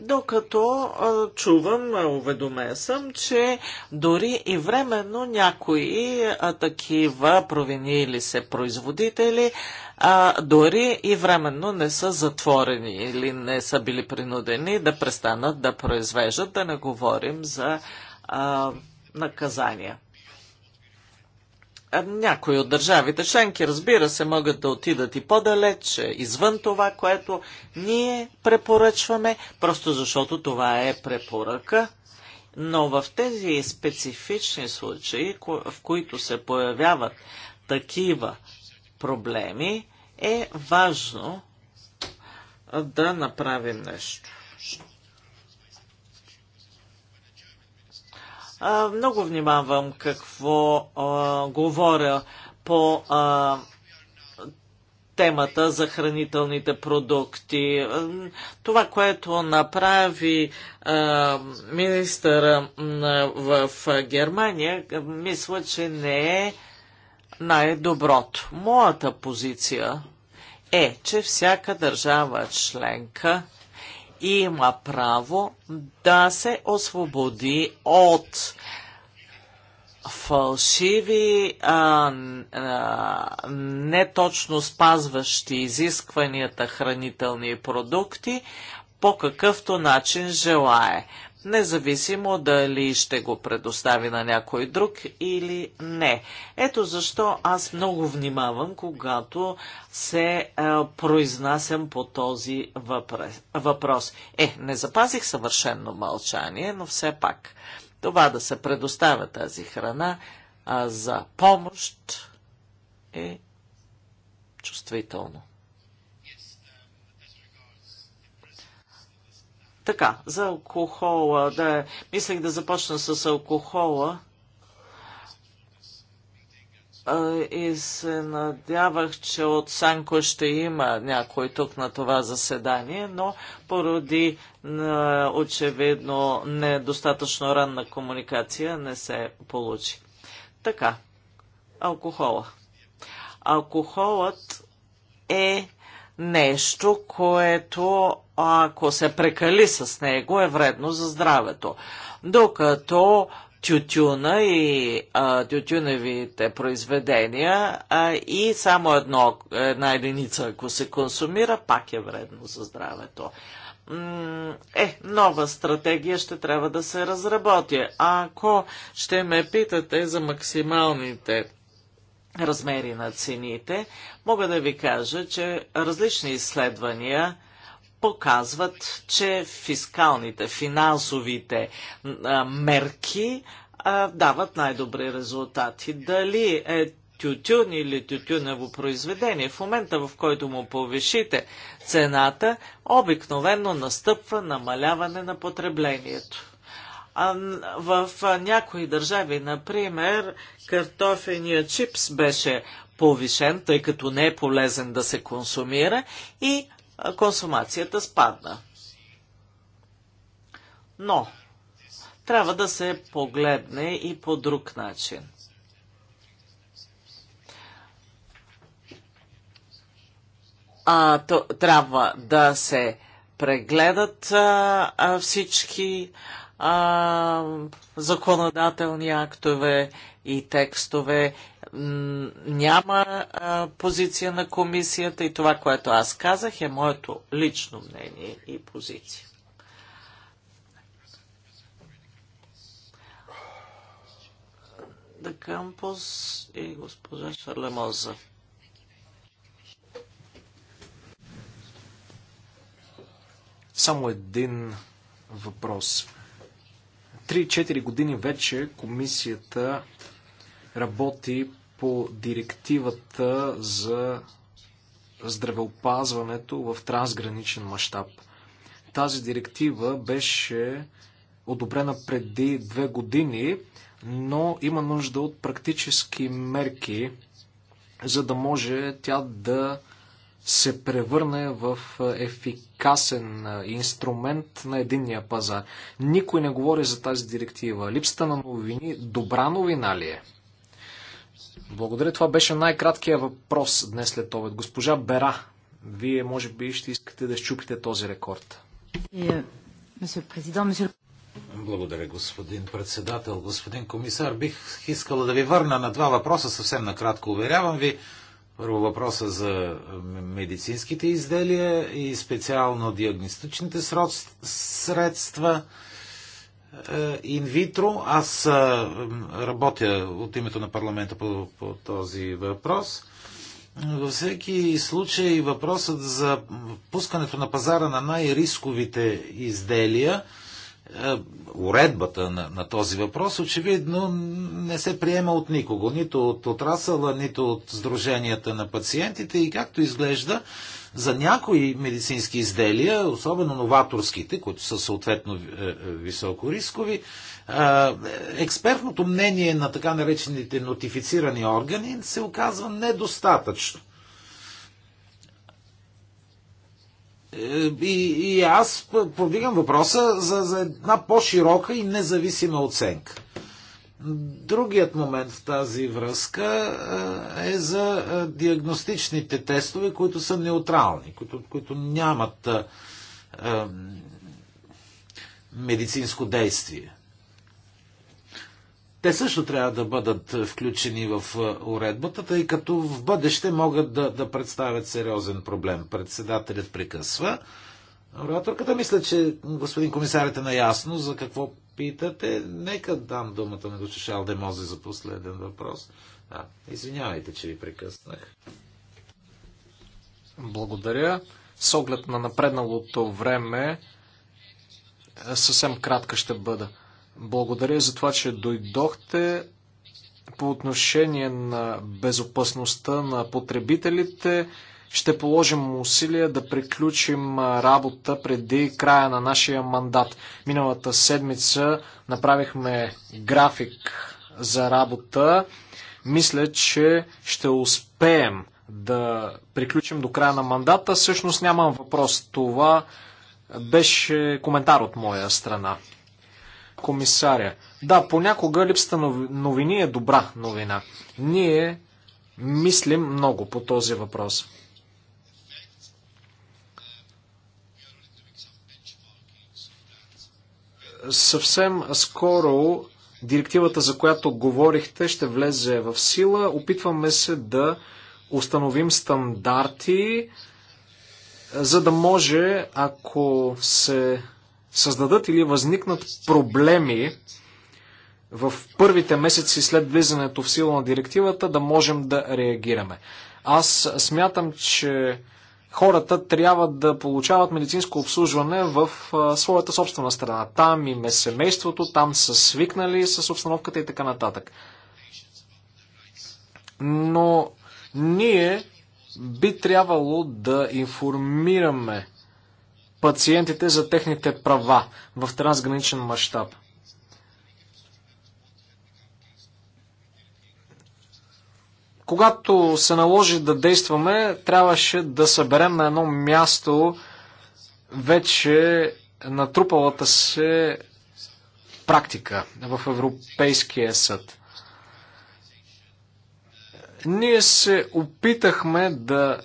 докато а, чувам, уведомен съм, че дори и временно някои а, такива провинили се производители, а, дори и временно не са затворени или не са били принудени да престанат да произвеждат, да не говорим за а, наказания. Някои от държавите членки, разбира се, могат да отидат и по-далече, извън това, което ние препоръчваме, просто защото това е препоръка. Но в тези специфични случаи, в които се появяват такива проблеми, е важно да направим нещо. много внимавам какво а, говоря по а, темата за хранителните продукти. Това, което направи а, министъра в Германия, мисля, че не е най-доброто. Моята позиция е, че всяка държава членка има право да се освободи от фалшиви, а, а, неточно спазващи изискванията хранителни продукти по какъвто начин желае независимо дали ще го предостави на някой друг или не. Ето защо аз много внимавам, когато се е, произнасям по този въпрос. Е, не запазих съвършенно мълчание, но все пак това да се предоставя тази храна а, за помощ е чувствително. Така, за алкохола, да, мислех да започна с алкохола и се надявах, че от Санко ще има някой тук на това заседание, но поради очевидно недостатъчно ранна комуникация не се получи. Така, алкохола. Алкохолът е нещо, което ако се прекали с него е вредно за здравето. Докато тютюна и а, тютюневите произведения а, и само едно, една единица, ако се консумира, пак е вредно за здравето. Е, нова стратегия ще трябва да се разработи. А ако ще ме питате за максималните размери на цените, мога да ви кажа, че различни изследвания показват, че фискалните, финансовите а, мерки а, дават най-добри резултати. Дали е тютюн или тютюнево произведение, в момента в който му повишите цената, обикновено настъпва намаляване на потреблението в някои държави, например, картофения чипс беше повишен, тъй като не е полезен да се консумира и консумацията спадна. Но трябва да се погледне и по друг начин. А, то, трябва да се прегледат а, а, всички а, а, законодателни актове и текстове. Няма а, позиция на комисията и това, което аз казах, е моето лично мнение и позиция. Да Кампус и госпожа Шарлемоза. Само един въпрос. 3-4 години вече комисията работи по директивата за здравеопазването в трансграничен мащаб. Тази директива беше одобрена преди две години, но има нужда от практически мерки, за да може тя да се превърне в ефикасен инструмент на единния пазар. Никой не говори за тази директива. Липсата на новини добра новина ли е? Благодаря. Това беше най-краткият въпрос днес след обед. Госпожа Бера, вие може би ще искате да щупите този рекорд. Е, Благодаря, господин председател. Господин комисар, бих искала да ви върна на два въпроса съвсем накратко. Уверявам ви, първо въпроса за медицинските изделия и специално диагностичните средства е, инвитро. Аз е, работя от името на парламента по, по този въпрос. Във всеки случай въпросът за пускането на пазара на най-рисковите изделия – е, уредбата на, на този въпрос очевидно не се приема от никого, нито от отрасъла, нито от сдруженията на пациентите и както изглежда за някои медицински изделия, особено новаторските, които са съответно е, е, високо рискови, експертното мнение на така наречените нотифицирани органи се оказва недостатъчно. Е, и, и аз повдигам въпроса за, за една по-широка и независима оценка. Другият момент в тази връзка е, е за е, диагностичните тестове, които са неутрални, които, които нямат медицинско действие те също трябва да бъдат е, включени в е, уредбата, тъй като в бъдеще могат да, да представят сериозен проблем. Председателят прекъсва. Ораторката мисля, че господин комисарът е наясно за какво питате. Нека дам думата на Шалде Демозе за последен въпрос. А, извинявайте, че ви прекъснах. Благодаря. С оглед на напредналото време, е, съвсем кратка ще бъда. Благодаря за това, че дойдохте. По отношение на безопасността на потребителите, ще положим усилия да приключим работа преди края на нашия мандат. Миналата седмица направихме график за работа. Мисля, че ще успеем да приключим до края на мандата. Всъщност нямам въпрос. Това беше коментар от моя страна комисаря. Да, понякога липсата новини е добра новина. Ние мислим много по този въпрос. Съвсем скоро директивата, за която говорихте, ще влезе в сила. Опитваме се да установим стандарти, за да може, ако се създадат или възникнат проблеми в първите месеци след влизането в сила на директивата, да можем да реагираме. Аз смятам, че хората трябва да получават медицинско обслужване в своята собствена страна. Там им е семейството, там са свикнали с обстановката и така нататък. Но ние би трябвало да информираме пациентите за техните права в трансграничен мащаб. Когато се наложи да действаме, трябваше да съберем на едно място вече натрупалата се практика в Европейския съд. Ние се опитахме да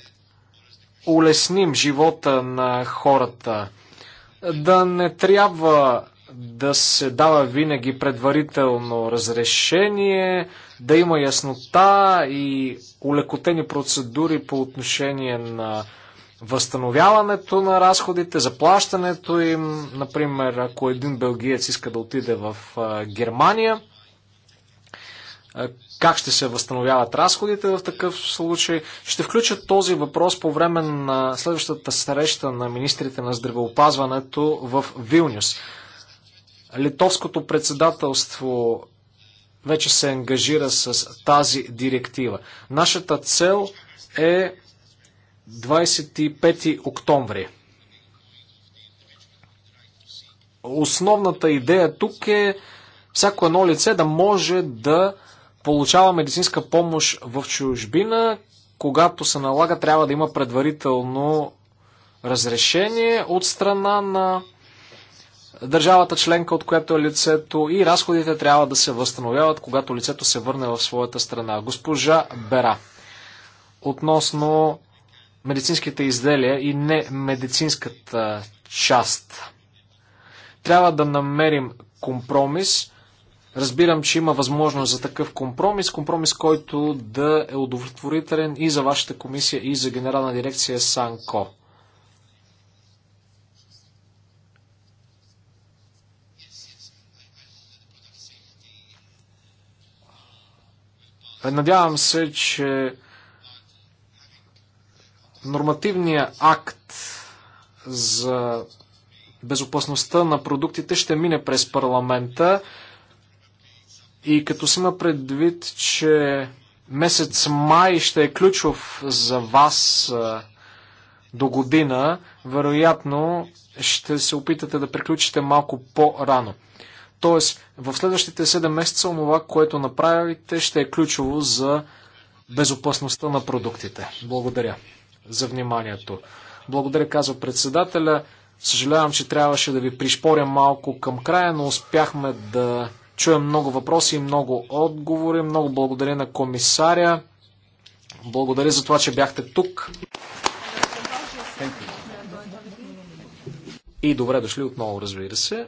улесним живота на хората, да не трябва да се дава винаги предварително разрешение, да има яснота и улекотени процедури по отношение на възстановяването на разходите, заплащането им, например, ако един белгиец иска да отиде в Германия – как ще се възстановяват разходите в такъв случай. Ще включа този въпрос по време на следващата среща на министрите на здравеопазването в Вилнюс. Литовското председателство вече се ангажира с тази директива. Нашата цел е 25 октомври. Основната идея тук е всяко едно лице да може да получава медицинска помощ в чужбина, когато се налага, трябва да има предварително разрешение от страна на държавата членка, от която е лицето и разходите трябва да се възстановяват, когато лицето се върне в своята страна. Госпожа Бера, относно медицинските изделия и не медицинската част. Трябва да намерим компромис. Разбирам, че има възможност за такъв компромис, компромис, който да е удовлетворителен и за вашата комисия, и за генерална дирекция САНКО. Надявам се, че нормативният акт за безопасността на продуктите ще мине през парламента. И като си има предвид, че месец май ще е ключов за вас до година, вероятно ще се опитате да приключите малко по-рано. Тоест, в следващите 7 месеца онова, което направите, ще е ключово за безопасността на продуктите. Благодаря за вниманието. Благодаря, казва председателя. Съжалявам, че трябваше да ви пришпоря малко към края, но успяхме да Чуем много въпроси и много отговори. Много благодаря на комисаря. Благодаря за това, че бяхте тук. И добре дошли отново, разбира се.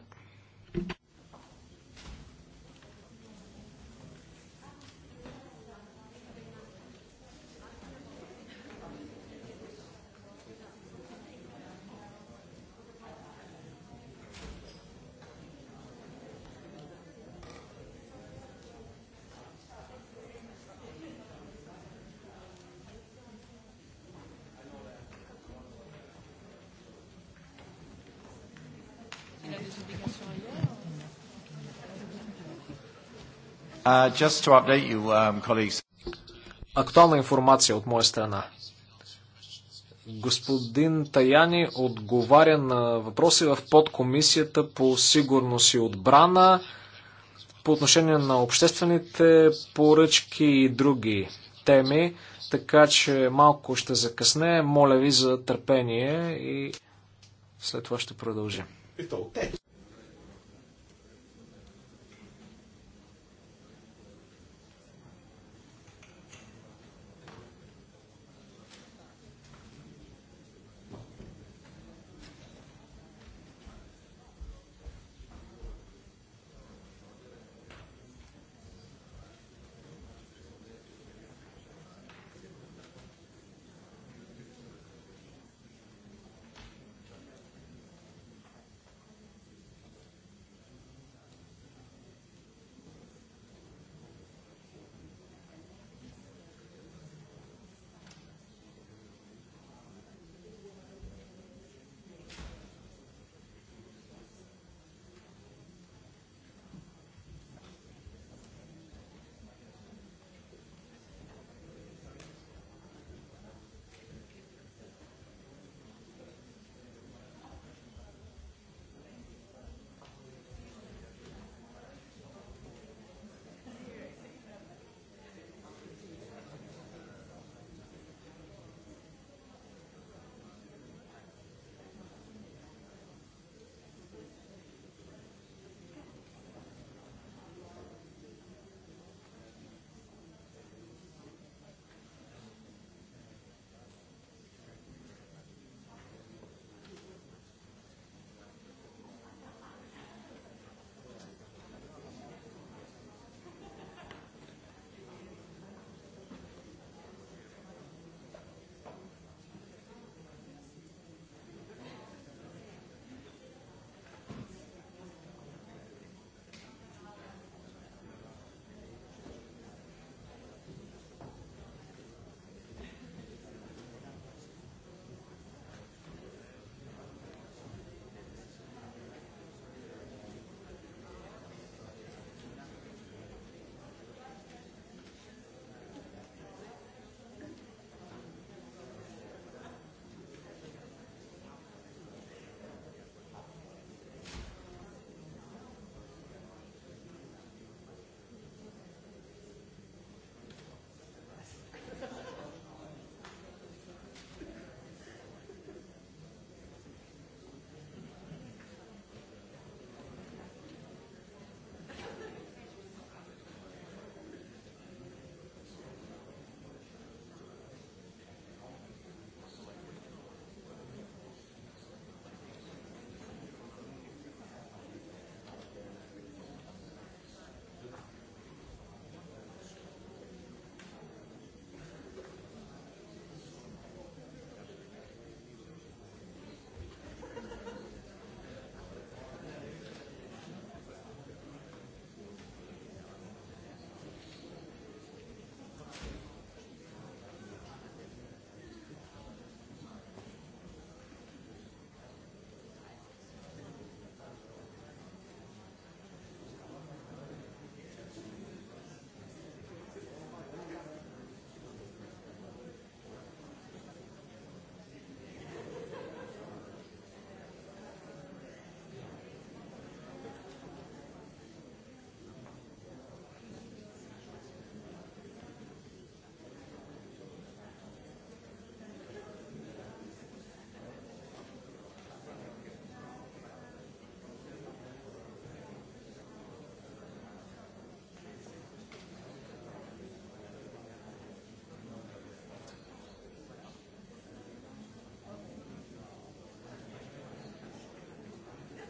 Uh, just to update you, um, colleagues. Актуална информация от моя страна. Господин Таяни отговаря на въпроси в подкомисията по сигурност и отбрана по отношение на обществените поръчки и други теми, така че малко ще закъсне. Моля ви за търпение и след това ще продължим.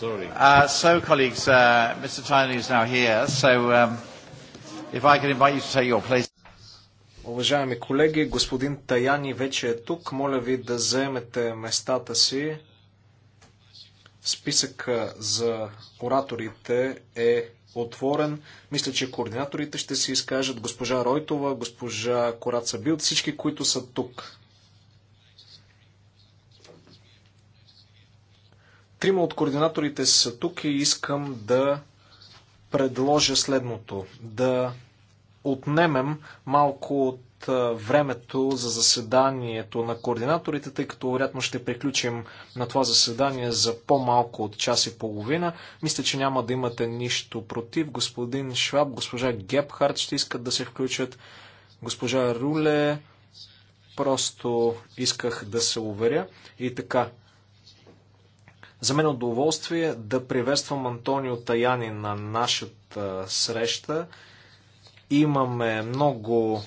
Sorry. Uh, so, colleagues, uh, Mr. Tinley is now here, so um, if I could invite you to take your place. Уважаеми колеги, господин Таяни вече е тук. Моля ви да заемете местата си. Списък за ораторите е отворен. Мисля, че координаторите ще се изкажат госпожа Ройтова, госпожа Кораца Билт, всички, които са тук. Трима от координаторите са тук и искам да предложа следното. Да отнемем малко от времето за заседанието на координаторите, тъй като вероятно ще приключим на това заседание за по-малко от час и половина. Мисля, че няма да имате нищо против. Господин Шваб, госпожа Гепхард ще искат да се включат. Госпожа Руле, просто исках да се уверя. И така, за мен е удоволствие да приветствам Антонио Таяни на нашата среща. Имаме много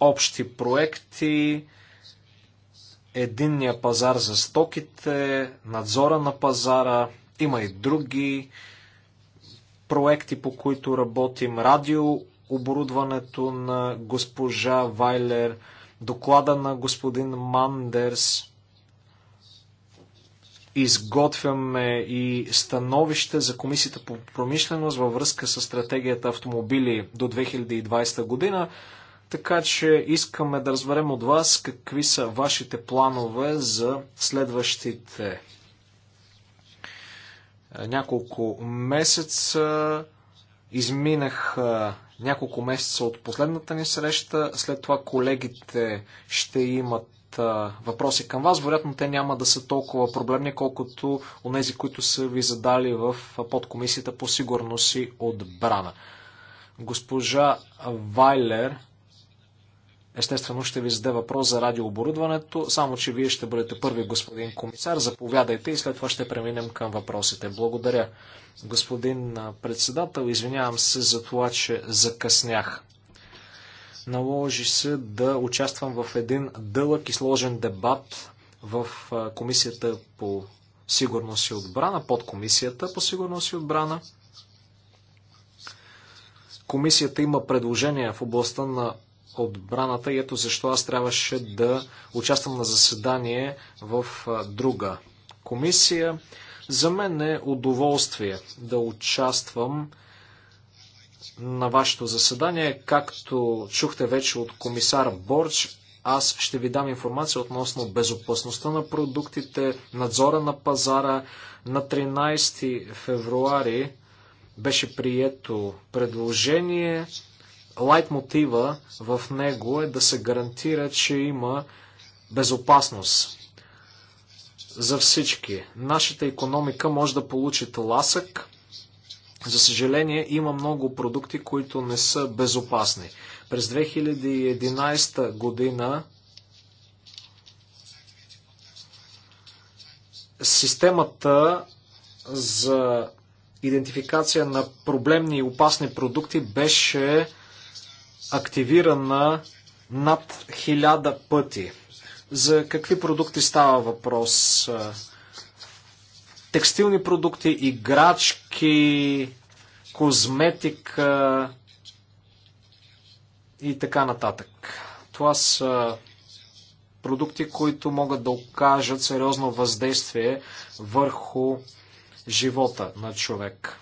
общи проекти, единния пазар за стоките, надзора на пазара, има и други проекти, по които работим, радио оборудването на госпожа Вайлер, доклада на господин Мандерс изготвяме и становище за Комисията по промишленост във връзка с стратегията автомобили до 2020 година. Така че искаме да разберем от вас какви са вашите планове за следващите е, няколко месеца. Изминах е, няколко месеца от последната ни среща. След това колегите ще имат въпроси към вас. Вероятно те няма да са толкова проблемни, колкото онези, които са ви задали в подкомисията по сигурност и отбрана. Госпожа Вайлер, естествено ще ви зададе въпрос за радиооборудването, само че вие ще бъдете първи господин комисар. Заповядайте и след това ще преминем към въпросите. Благодаря, господин председател. Извинявам се за това, че закъснях. Наложи се да участвам в един дълъг и сложен дебат в Комисията по сигурност и отбрана, под Комисията по сигурност и отбрана. Комисията има предложения в областта на отбраната и ето защо аз трябваше да участвам на заседание в друга комисия. За мен е удоволствие да участвам на вашето заседание. Както чухте вече от комисар Борч, аз ще ви дам информация относно безопасността на продуктите, надзора на пазара. На 13 февруари беше прието предложение. Лайт мотива в него е да се гарантира, че има безопасност за всички. Нашата економика може да получи ласък – за съжаление, има много продукти, които не са безопасни. През 2011 година системата за идентификация на проблемни и опасни продукти беше активирана над хиляда пъти. За какви продукти става въпрос? текстилни продукти, играчки, козметика и така нататък. Това са продукти, които могат да окажат сериозно въздействие върху живота на човек.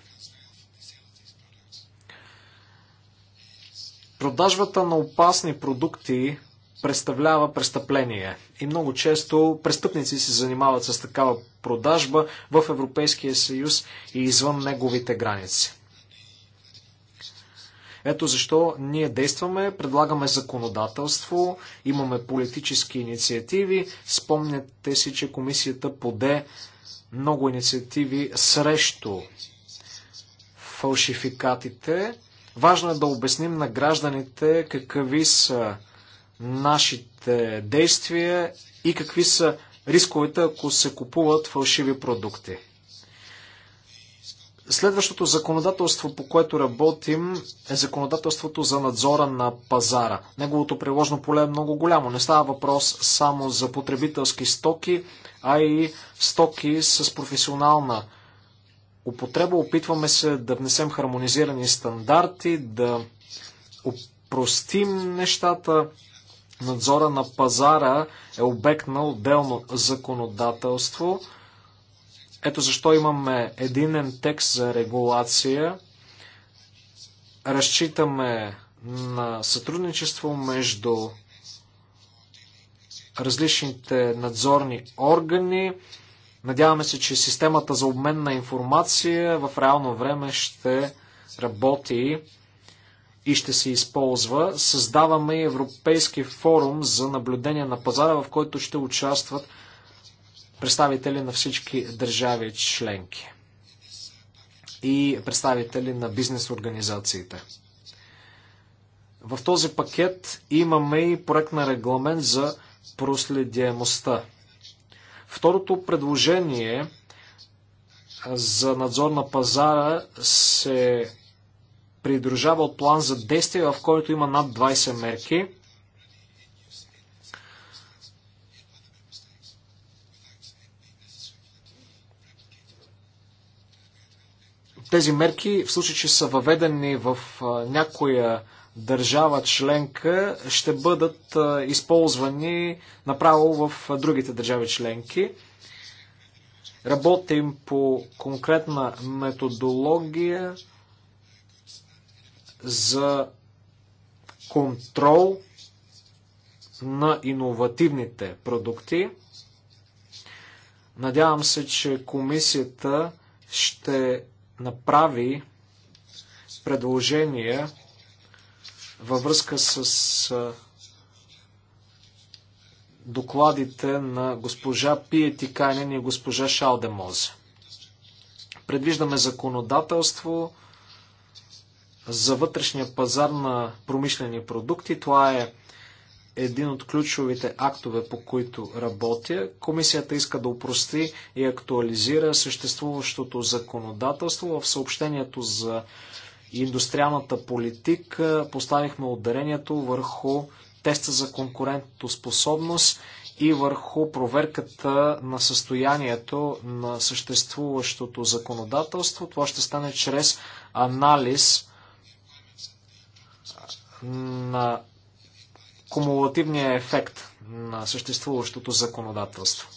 Продажбата на опасни продукти представлява престъпление. И много често престъпници се занимават с такава продажба в Европейския съюз и извън неговите граници. Ето защо ние действаме, предлагаме законодателство, имаме политически инициативи. Спомняте си, че комисията поде много инициативи срещу фалшификатите. Важно е да обясним на гражданите какви са нашите действия и какви са рисковете, ако се купуват фалшиви продукти. Следващото законодателство, по което работим, е законодателството за надзора на пазара. Неговото приложно поле е много голямо. Не става въпрос само за потребителски стоки, а и стоки с професионална употреба. Опитваме се да внесем хармонизирани стандарти, да упростим нещата. Надзора на пазара е обект на отделно законодателство. Ето защо имаме единен текст за регулация. Разчитаме на сътрудничество между различните надзорни органи. Надяваме се, че системата за обмен на информация в реално време ще работи и ще се използва. Създаваме и Европейски форум за наблюдение на пазара, в който ще участват представители на всички държави членки и представители на бизнес организациите. В този пакет имаме и проект на регламент за проследяемостта. Второто предложение за надзор на пазара се придружава от план за действие, в който има над 20 мерки. Тези мерки, в случай, че са въведени в някоя държава членка, ще бъдат използвани направо в другите държави членки. Работим по конкретна методология, за контрол на иновативните продукти. Надявам се, че комисията ще направи предложения във връзка с докладите на госпожа Пиети Кайнен и госпожа Шалдемоз. Предвиждаме законодателство, за вътрешния пазар на промишлени продукти. Това е един от ключовите актове, по които работя. Комисията иска да упрости и актуализира съществуващото законодателство. В съобщението за индустриалната политика поставихме ударението върху теста за конкурентното способност и върху проверката на състоянието на съществуващото законодателство. Това ще стане чрез анализ на кумулативния ефект на съществуващото законодателство.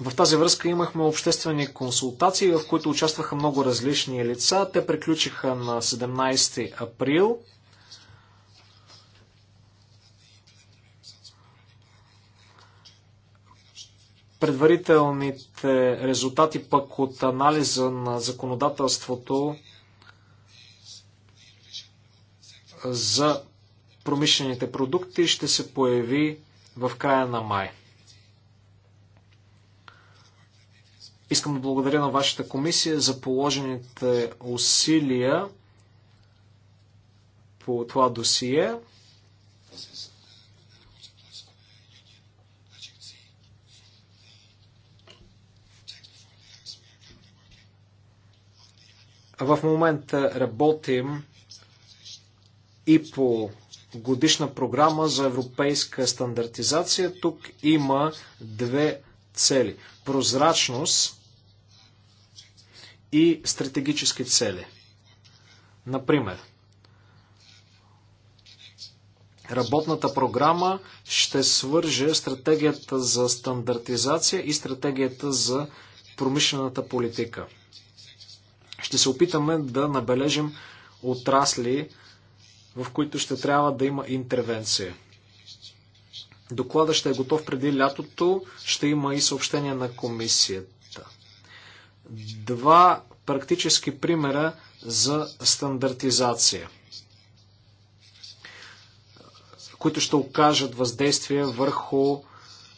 В тази връзка имахме обществени консултации, в които участваха много различни лица. Те приключиха на 17 април. Предварителните резултати пък от анализа на законодателството за промишлените продукти ще се появи в края на май. Искам да благодаря на вашата комисия за положените усилия по това досие. В момента работим и по годишна програма за европейска стандартизация. Тук има две цели. Прозрачност и стратегически цели. Например, работната програма ще свърже стратегията за стандартизация и стратегията за промишлената политика. Ще се опитаме да набележим отрасли, в които ще трябва да има интервенция. Доклада ще е готов преди лятото, ще има и съобщение на комисията. Два практически примера за стандартизация, които ще окажат въздействие върху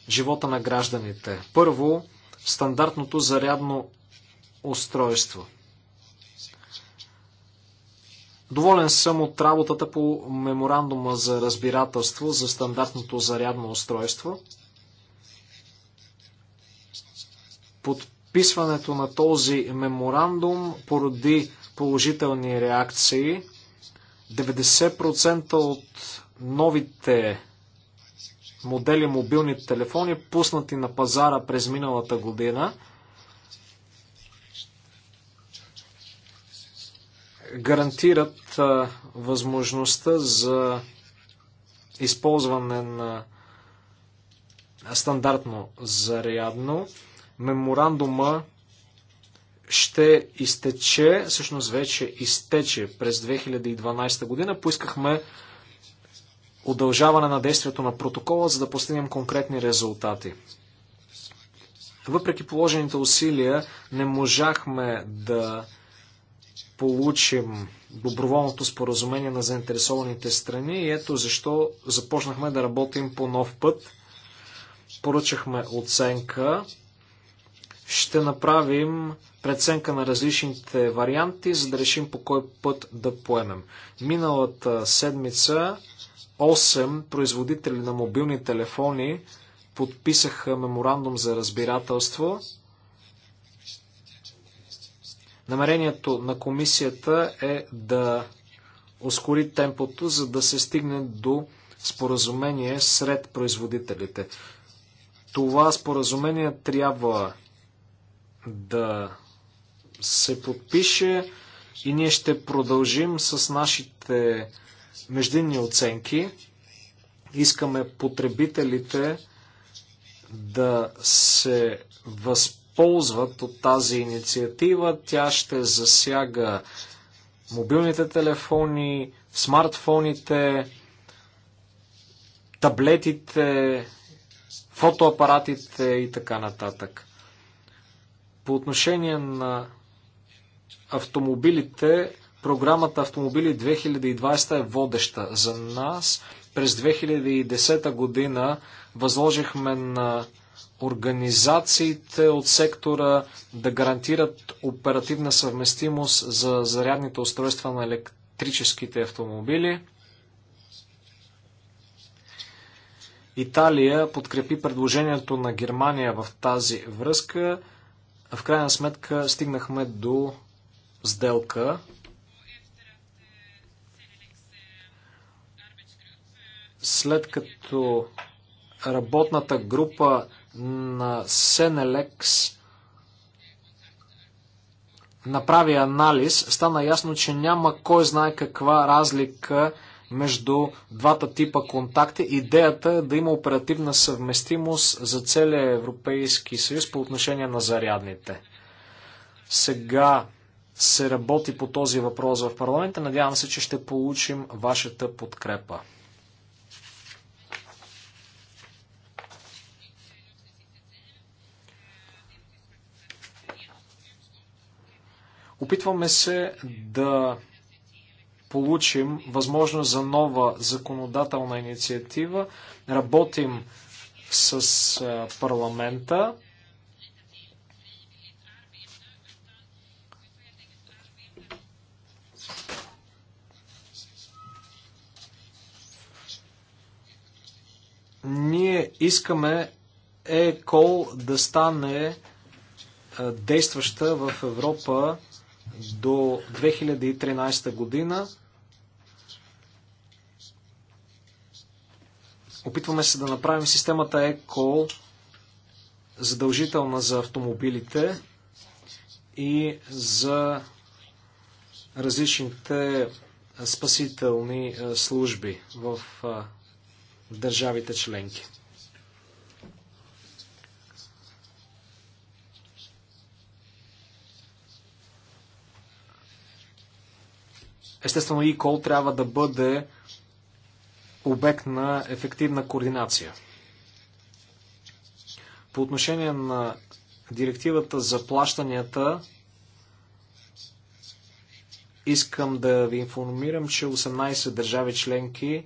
живота на гражданите. Първо, стандартното зарядно устройство – Доволен съм от работата по меморандума за разбирателство за стандартното зарядно устройство. Подписването на този меморандум породи положителни реакции. 90% от новите модели мобилни телефони, пуснати на пазара през миналата година – гарантират възможността за използване на стандартно зарядно. Меморандума ще изтече, всъщност вече изтече през 2012 година. Поискахме удължаване на действието на протокола, за да постигнем конкретни резултати. Въпреки положените усилия, не можахме да получим доброволното споразумение на заинтересованите страни и ето защо започнахме да работим по нов път. Поръчахме оценка. Ще направим преценка на различните варианти, за да решим по кой път да поемем. Миналата седмица 8 производители на мобилни телефони подписаха меморандум за разбирателство. Намерението на комисията е да ускори темпото, за да се стигне до споразумение сред производителите. Това споразумение трябва да се подпише и ние ще продължим с нашите междинни оценки. Искаме потребителите да се възпитат възползват от тази инициатива. Тя ще засяга мобилните телефони, смартфоните, таблетите, фотоапаратите и така нататък. По отношение на автомобилите, програмата Автомобили 2020 е водеща за нас. През 2010 година възложихме на организациите от сектора да гарантират оперативна съвместимост за зарядните устройства на електрическите автомобили. Италия подкрепи предложението на Германия в тази връзка. В крайна сметка стигнахме до сделка. След като работната група на Сенелекс направи анализ, стана ясно, че няма кой знае каква разлика между двата типа контакти. Идеята е да има оперативна съвместимост за целия Европейски съюз по отношение на зарядните. Сега се работи по този въпрос в парламента. Надявам се, че ще получим вашата подкрепа. Опитваме се да получим възможност за нова законодателна инициатива. Работим с парламента. Ние искаме ЕКОЛ да стане действаща в Европа до 2013 година. Опитваме се да направим системата ECOL задължителна за автомобилите и за различните спасителни служби в държавите членки. Естествено, и кол трябва да бъде обект на ефективна координация. По отношение на директивата за плащанията, искам да ви информирам, че 18 държави членки,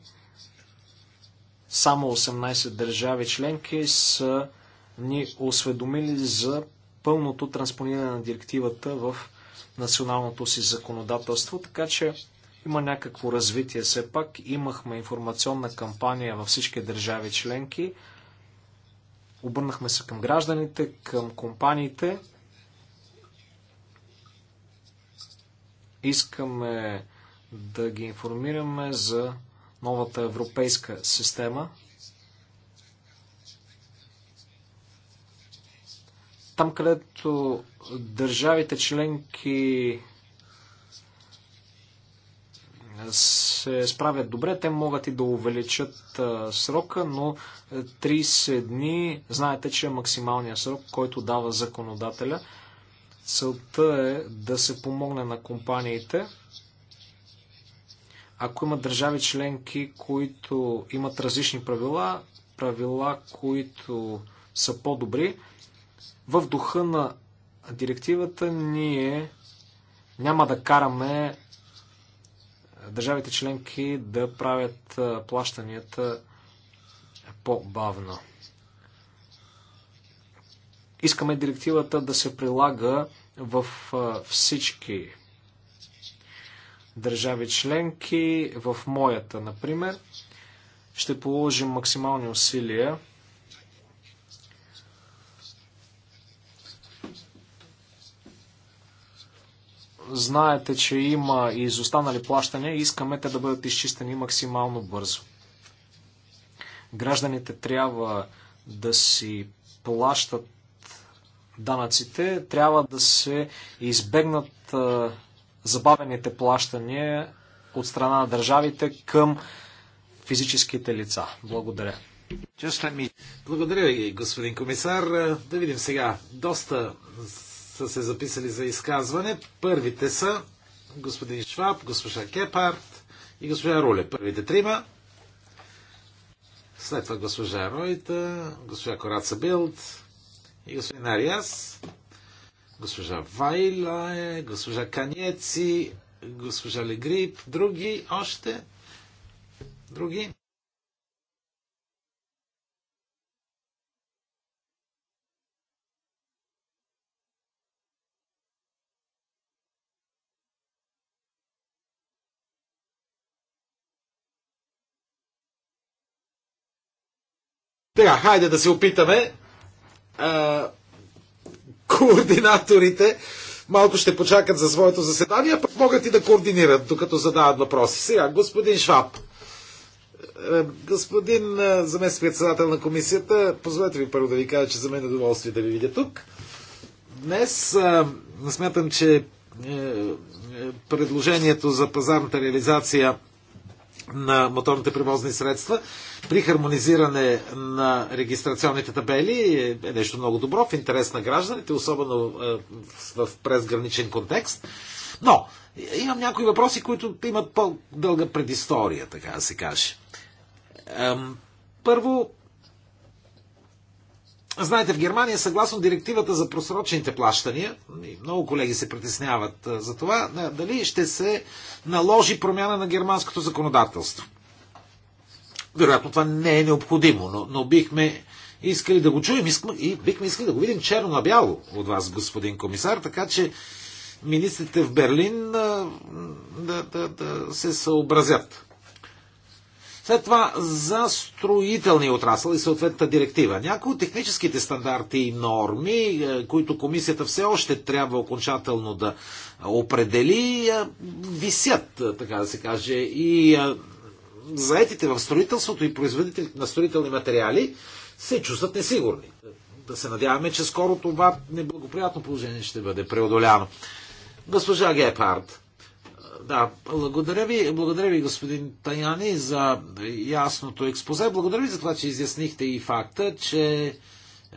само 18 държави членки са ни осведомили за пълното транспониране на директивата в националното си законодателство, така че има някакво развитие все пак. Имахме информационна кампания във всички държави членки. Обърнахме се към гражданите, към компаниите. Искаме да ги информираме за новата европейска система Там, където държавите членки се справят добре, те могат и да увеличат срока, но 30 дни, знаете, че е максималният срок, който дава законодателя. Целта е да се помогне на компаниите. Ако има държави членки, които имат различни правила, правила, които са по-добри, в духа на директивата ние няма да караме държавите членки да правят плащанията по-бавно. Искаме директивата да се прилага в всички държави членки, в моята, например. Ще положим максимални усилия Знаете, че има и изостанали плащания и искаме те да бъдат изчистени максимално бързо. Гражданите трябва да си плащат данъците, трябва да се избегнат забавените плащания от страна на държавите към физическите лица. Благодаря. Благодаря ви, господин комисар. Да видим сега. Доста са се записали за изказване. Първите са господин Шваб, госпожа Кепард и госпожа Руле. Първите трима. След това госпожа Ройта, госпожа Кораца Билд и господин Ариас, госпожа Вайлае, госпожа Каниеци, госпожа Легрип, други още. Други. Така, хайде да се опитаме. А, координаторите малко ще почакат за своето заседание, пък могат и да координират, докато задават въпроси. Сега, господин Шваб. Е, господин е, заместник председател на комисията, позволете ви първо да ви кажа, че за мен е удоволствие да ви видя тук. Днес е, смятам, че предложението за пазарната реализация на моторните превозни средства при хармонизиране на регистрационните табели е нещо много добро в интерес на гражданите, особено е, в презграничен контекст. Но имам някои въпроси, които имат по-дълга предистория, така да се каже. Първо, Знаете, в Германия, съгласно директивата за просрочените плащания, и много колеги се притесняват за това, дали ще се наложи промяна на германското законодателство. Вероятно това не е необходимо, но, но бихме искали да го чуем и бихме искали да го видим черно на бяло от вас, господин комисар, така че министрите в Берлин да, да, да се съобразят. След това за строителния отрасъл и съответната директива. Някои от техническите стандарти и норми, е, които комисията все още трябва окончателно да определи, е, висят, е, така да се каже, и заетите в строителството и производителите на строителни материали се чувстват несигурни. Да се надяваме, че скоро това неблагоприятно положение ще бъде преодоляно. Госпожа Гепард, да, благодаря ви, благодаря ви, господин Таяни, за ясното експозе. Благодаря ви за това, че изяснихте и факта, че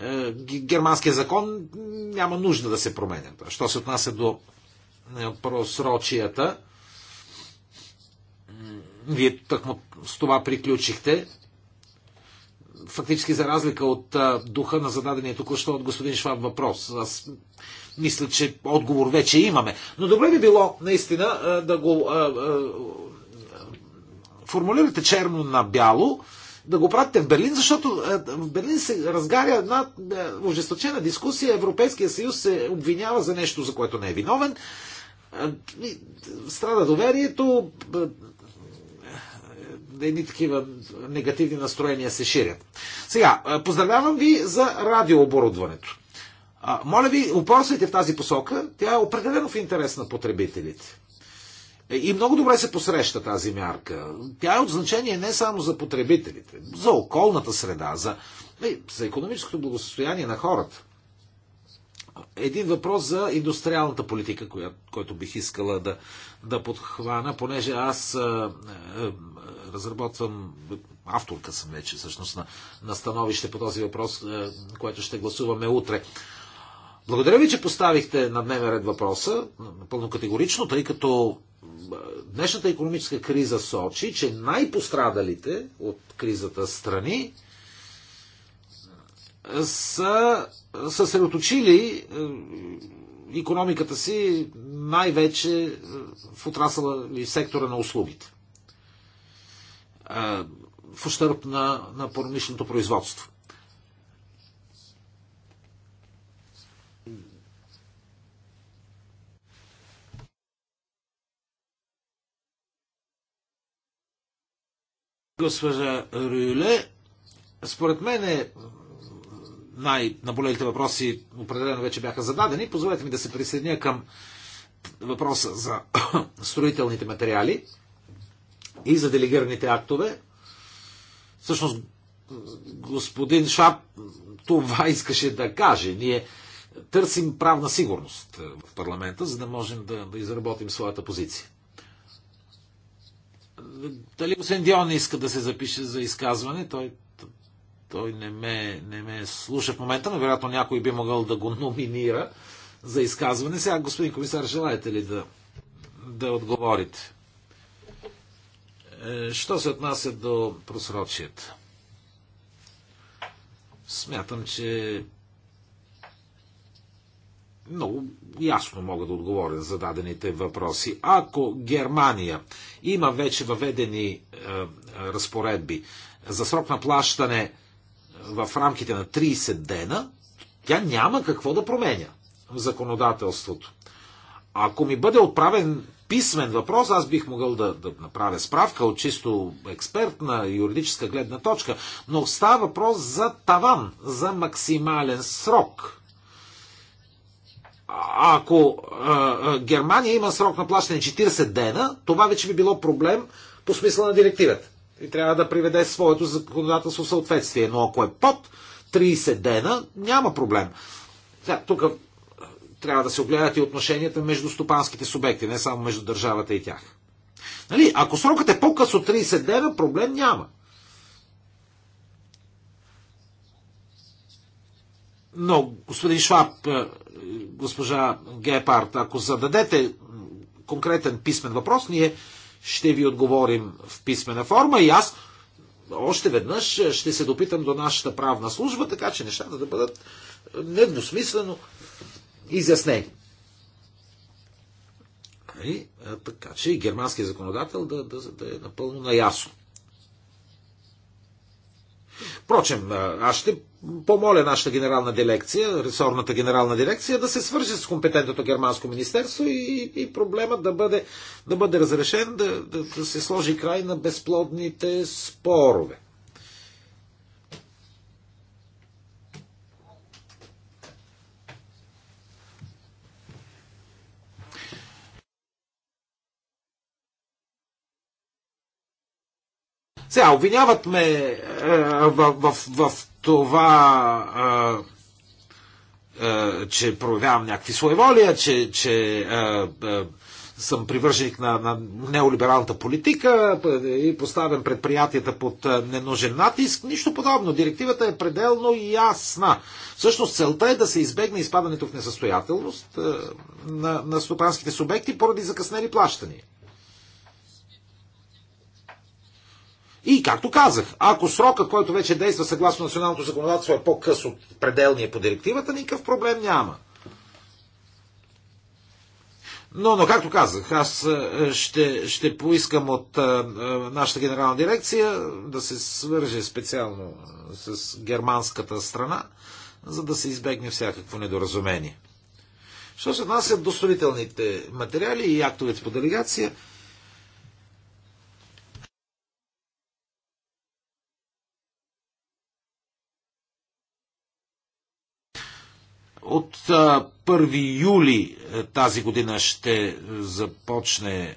е, германския закон няма нужда да се променя. Що се отнася до е, просрочията, вие тъкмо с това приключихте фактически за разлика от духа на зададения току-що от господин Шваб въпрос. Аз мисля, че отговор вече имаме. Но добре би било наистина да го формулирате черно на бяло, да го пратите в Берлин, защото в Берлин се разгаря една ожесточена дискусия. Европейския съюз се обвинява за нещо, за което не е виновен. Страда доверието, едни такива негативни настроения се ширят. Сега, поздравявам ви за радиооборудването. Моля ви, упорствайте в тази посока. Тя е определено в интерес на потребителите. Е, и много добре се посреща тази мярка. Тя е от значение не само за потребителите, за околната среда, за, е, за економическото благосостояние на хората. Един въпрос за индустриалната политика, която който бих искала да, да подхвана, понеже аз а, а, разработвам, авторка съм вече всъщност на, на становище по този въпрос, е, което ще гласуваме утре. Благодаря ви, че поставихте на дневен ред въпроса, напълно категорично, тъй като е, днешната економическа криза сочи, че най-пострадалите от кризата страни е, са съсредоточили економиката си най-вече в отрасъла и в сектора на услугите. Е, в ущърп на, на промишленото производство. Госпожа Рюле, според мен е най-наболелите въпроси определено вече бяха зададени. Позволете ми да се присъединя към въпроса за строителните материали и за делегираните актове. Всъщност, господин Шап това искаше да каже. Ние търсим правна сигурност в парламента, за да можем да, да изработим своята позиция. Дали господин Дион иска да се запише за изказване, той, той не, ме, не ме слуша в момента, но вероятно някой би могъл да го номинира за изказване. Сега, господин комисар, желаете ли да, да отговорите? Е, що се отнася до просрочията? Смятам, че много ясно мога да отговоря за дадените въпроси. Ако Германия има вече въведени е, разпоредби за срок на плащане е, в рамките на 30 дена, тя няма какво да променя в законодателството. Ако ми бъде отправен писмен въпрос, аз бих могъл да, да направя справка от чисто експертна юридическа гледна точка, но става въпрос за таван, за максимален срок. А, ако а, а, Германия има срок на плащане 40 дена, това вече би било проблем по смисъла на директивата. И трябва да приведе своето законодателство в съответствие. Но ако е под 30 дена, няма проблем. Тук трябва да се огледат и отношенията между стопанските субекти, не само между държавата и тях. Нали? Ако срокът е по-къс от 30 дена, проблем няма. Но, господин Шваб, е, госпожа Гепард, ако зададете конкретен писмен въпрос, ние ще ви отговорим в писмена форма и аз още веднъж ще се допитам до нашата правна служба, така че нещата да бъдат е, недвусмислено изяснени. И, нали? така че и германският законодател да, да, да е напълно наясно. Впрочем, аз ще помоля нашата генерална дирекция, ресорната генерална дирекция, да се свържи с компетентното германско министерство и, и проблемът да бъде, да бъде разрешен, да, да, да се сложи край на безплодните спорове. Сега, обвиняват ме е, в, в, в, в това, е, е, че проявявам някакви своеволия, че, че е, е, съм привърженик на, на неолибералната политика е, и поставям предприятията под е, ненужен натиск. Нищо подобно. Директивата е пределно ясна. Всъщност целта е да се избегне изпадането в несъстоятелност е, на, на стопанските субекти поради закъснели плащания. И, както казах, ако срокът, който вече действа съгласно националното законодателство е по-къс от пределния по директивата, никакъв проблем няма. Но, но както казах, аз е, ще, ще поискам от а, е, е, нашата генерална дирекция да се свърже специално с германската страна, за да се избегне всякакво недоразумение. Що се отнася до строителните материали и актовете по делегация, 1 юли е, тази година ще започне е,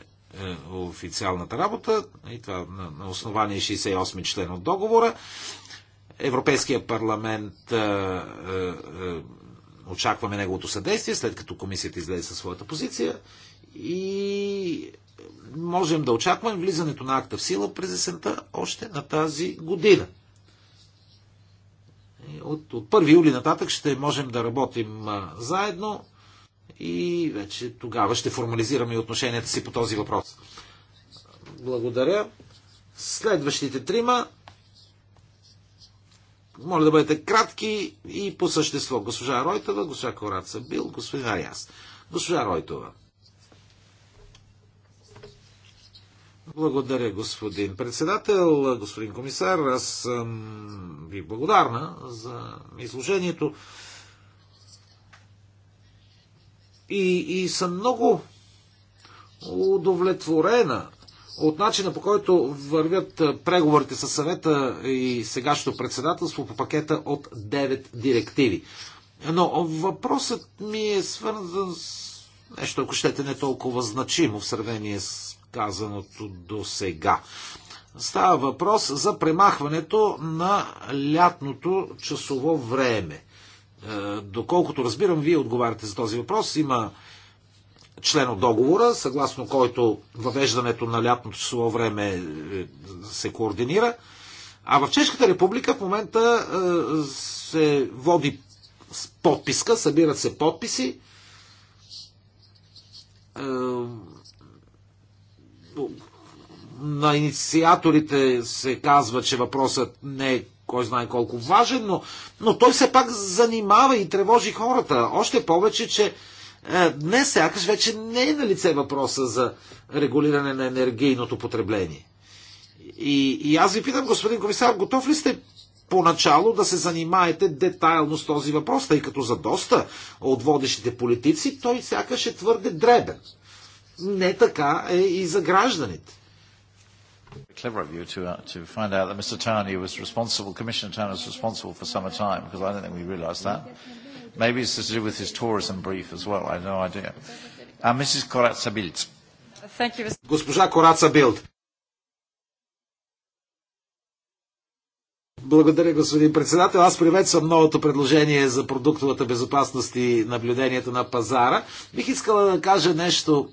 официалната работа, и това на основание 68 член от договора. Европейския парламент е, очакваме неговото съдействие, след като комисията излезе със своята позиция и можем да очакваме влизането на акта в сила през есента още на тази година. От, от 1 юли нататък ще можем да работим заедно и вече тогава ще формализираме отношенията си по този въпрос. Благодаря. Следващите трима моля да бъдете кратки и по същество. Госпожа Ройтова, госпожа Кораца Бил, господин Ариас. Госпожа Ройтова. Благодаря, господин председател, господин комисар. Аз съм ви благодарна за изложението. И, и съм много удовлетворена от начина по който вървят преговорите с съвета и сегашното председателство по пакета от 9 директиви. Но въпросът ми е свързан с нещо, ако щете, не толкова значимо в сравнение с казаното до сега. Става въпрос за премахването на лятното часово време. Е, доколкото разбирам, вие отговаряте за този въпрос. Има член от договора, съгласно който въвеждането на лятното часово време е, се координира. А в Чешката република в момента е, се води подписка, събират се подписи на инициаторите се казва, че въпросът не е кой знае колко важен, но, но той все пак занимава и тревожи хората. Още повече, че е, днес сякаш вече не е на лице въпроса за регулиране на енергийното потребление. И, и аз ви питам, господин комисар, готов ли сте поначало да се занимаете детайлно с този въпрос, тъй като за доста от водещите политици той сякаш е твърде дребен не така е и за гражданите. Clever of you to, uh, to find out that Mr. Tony was responsible, Commissioner Tony was responsible for summer time, because I don't think we realised that. Maybe it's to do with his tourism brief as well, I have no idea. Uh, Mrs. Corazza Bild. Thank you. Госпожа Кораца Билд. Благодаря, господин председател. Аз приветствам новото предложение за продуктовата безопасност и наблюдението на пазара. Бих искала да кажа нещо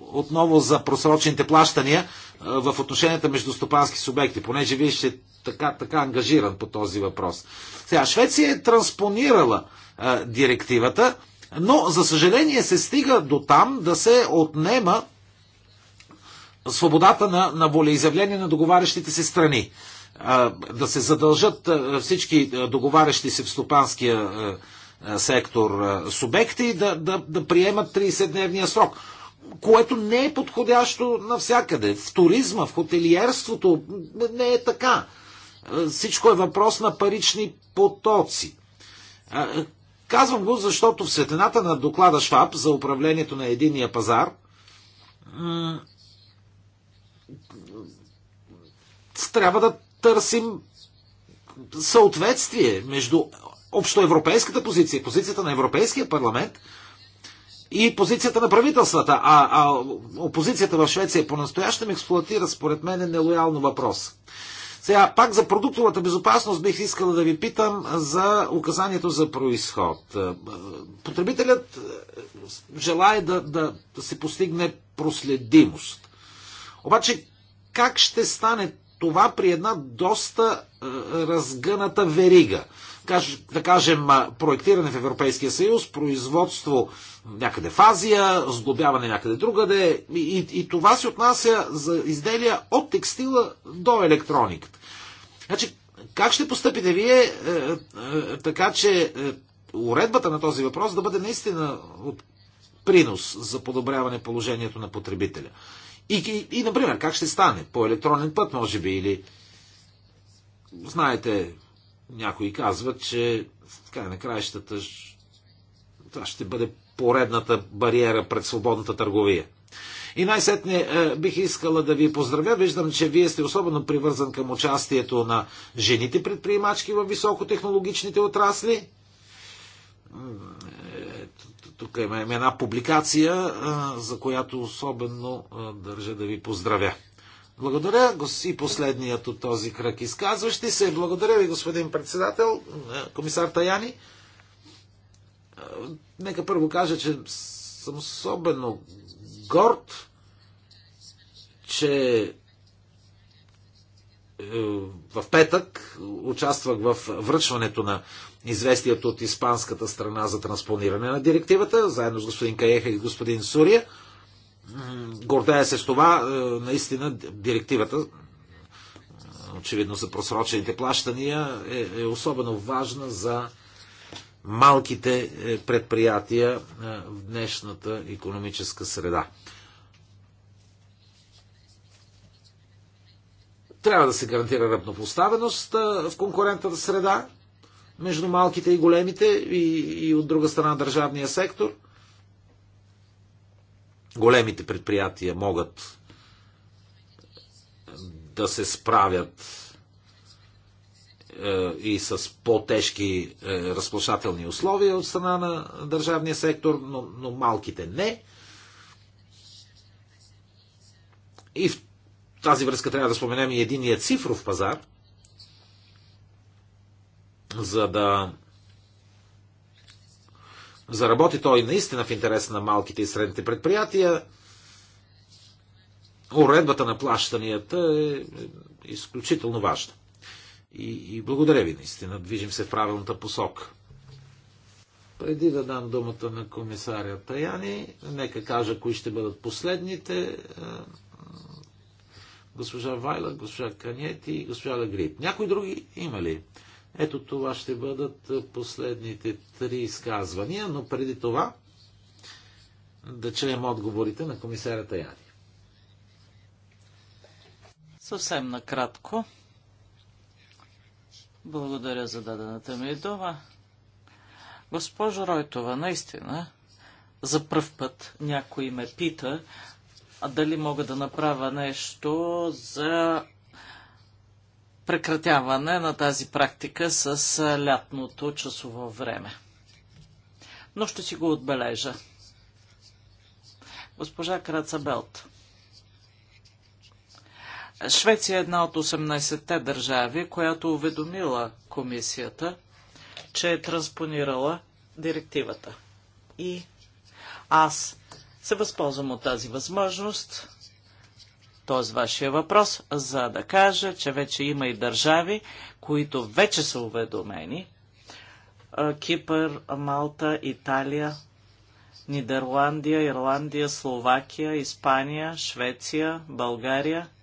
отново за просрочените плащания в отношенията между стопански субекти, понеже вие ще така, така ангажиран по този въпрос. Сега, Швеция е транспонирала а, директивата, но за съжаление се стига до там да се отнема свободата на, на волеизявление на договарящите се страни. А, да се задължат а, всички договарящи се в стопанския а, сектор а, субекти да, да, да приемат 30-дневния срок което не е подходящо навсякъде. В туризма, в хотелиерството не е така. Е, всичко е въпрос на парични потоци. Е, казвам го, защото в светлината на доклада Шваб за управлението на единия пазар трябва да търсим съответствие между общоевропейската позиция и позицията на Европейския парламент – и позицията на правителствата. А, а опозицията в Швеция по-настоящем експлуатира, според мен, е нелоялно въпрос. Сега, пак за продуктовата безопасност бих искала да ви питам за указанието за происход. Потребителят е, желая да, да, да се постигне проследимост. Обаче, как ще стане това при една доста е, разгъната верига? Каж, да кажем, проектиране в Европейския съюз, производство някъде в Азия, сглобяване някъде другаде. И, и, и това се отнася за изделия от текстила до електрониката. Значи, как ще постъпите вие е, е, така, че е, уредбата на този въпрос да бъде наистина от принос за подобряване положението на потребителя? И, и, и, например, как ще стане? По електронен път, може би, или... Знаете, някои казват, че така на краищата това ще бъде поредната бариера пред свободната търговия. И най-сетне е, бих искала да ви поздравя. Виждам, че вие сте особено привързан към участието на жените предприемачки в високотехнологичните отрасли. Е, тук има една публикация, е, за която особено държа да ви поздравя. Благодаря и последният от този кръг изказващи се. Благодаря ви, господин председател, комисар Таяни нека първо кажа, че съм особено горд, че е, в петък участвах в връчването на известието от испанската страна за транспониране на директивата, заедно с господин Каеха и господин Сурия. Гордея се с това, е, наистина директивата, очевидно за просрочените плащания, е, е особено важна за малките е, предприятия е, в днешната економическа среда. Трябва да се гарантира равнопоставеност е, в конкурентната среда между малките и големите и, и от друга страна държавния сектор. Големите предприятия могат да се справят е, и с по-тежки е, разплащателни условия от страна на държавния сектор, но, но малките не. И в тази връзка трябва да споменем и единия цифров пазар, за да заработи той наистина в интерес на малките и средните предприятия. Уредбата на плащанията е, е изключително важна. И, и благодаря ви, наистина. Движим се в правилната посока. Преди да дам думата на комисаря Таяни, нека кажа кои ще бъдат последните. Е, госпожа Вайла, госпожа Канети и госпожа Лагрип. Някои други има ли? Ето това ще бъдат последните три изказвания, но преди това да чуем отговорите на комисаря Таяни. Съвсем накратко. Благодаря за дадената ми дума. Госпожо Ройтова, наистина, за пръв път някой ме пита а дали мога да направя нещо за прекратяване на тази практика с лятното часово време. Но ще си го отбележа. Госпожа Крацабелт. Швеция е една от 18-те държави, която уведомила комисията, че е транспонирала директивата. И аз се възползвам от тази възможност, т.е. вашия въпрос, за да кажа, че вече има и държави, които вече са уведомени. Кипър, Малта, Италия, Нидерландия, Ирландия, Словакия, Испания, Швеция, България –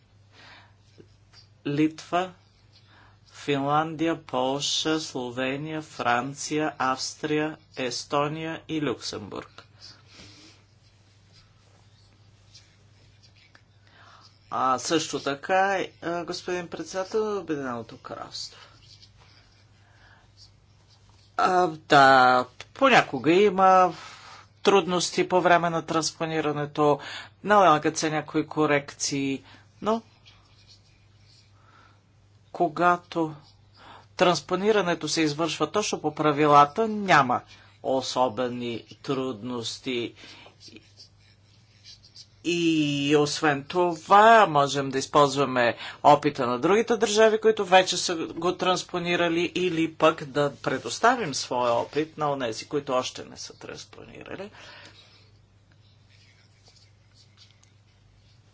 Литва, Финландия, Полша, Словения, Франция, Австрия, Естония и Люксембург. А също така, е, господин председател, Обединеното кралство. А, да, понякога има трудности по време на транспонирането, налагат се някои корекции, но когато транспонирането се извършва точно по правилата, няма особени трудности. И освен това, можем да използваме опита на другите държави, които вече са го транспонирали, или пък да предоставим своя опит на онези, които още не са транспонирали.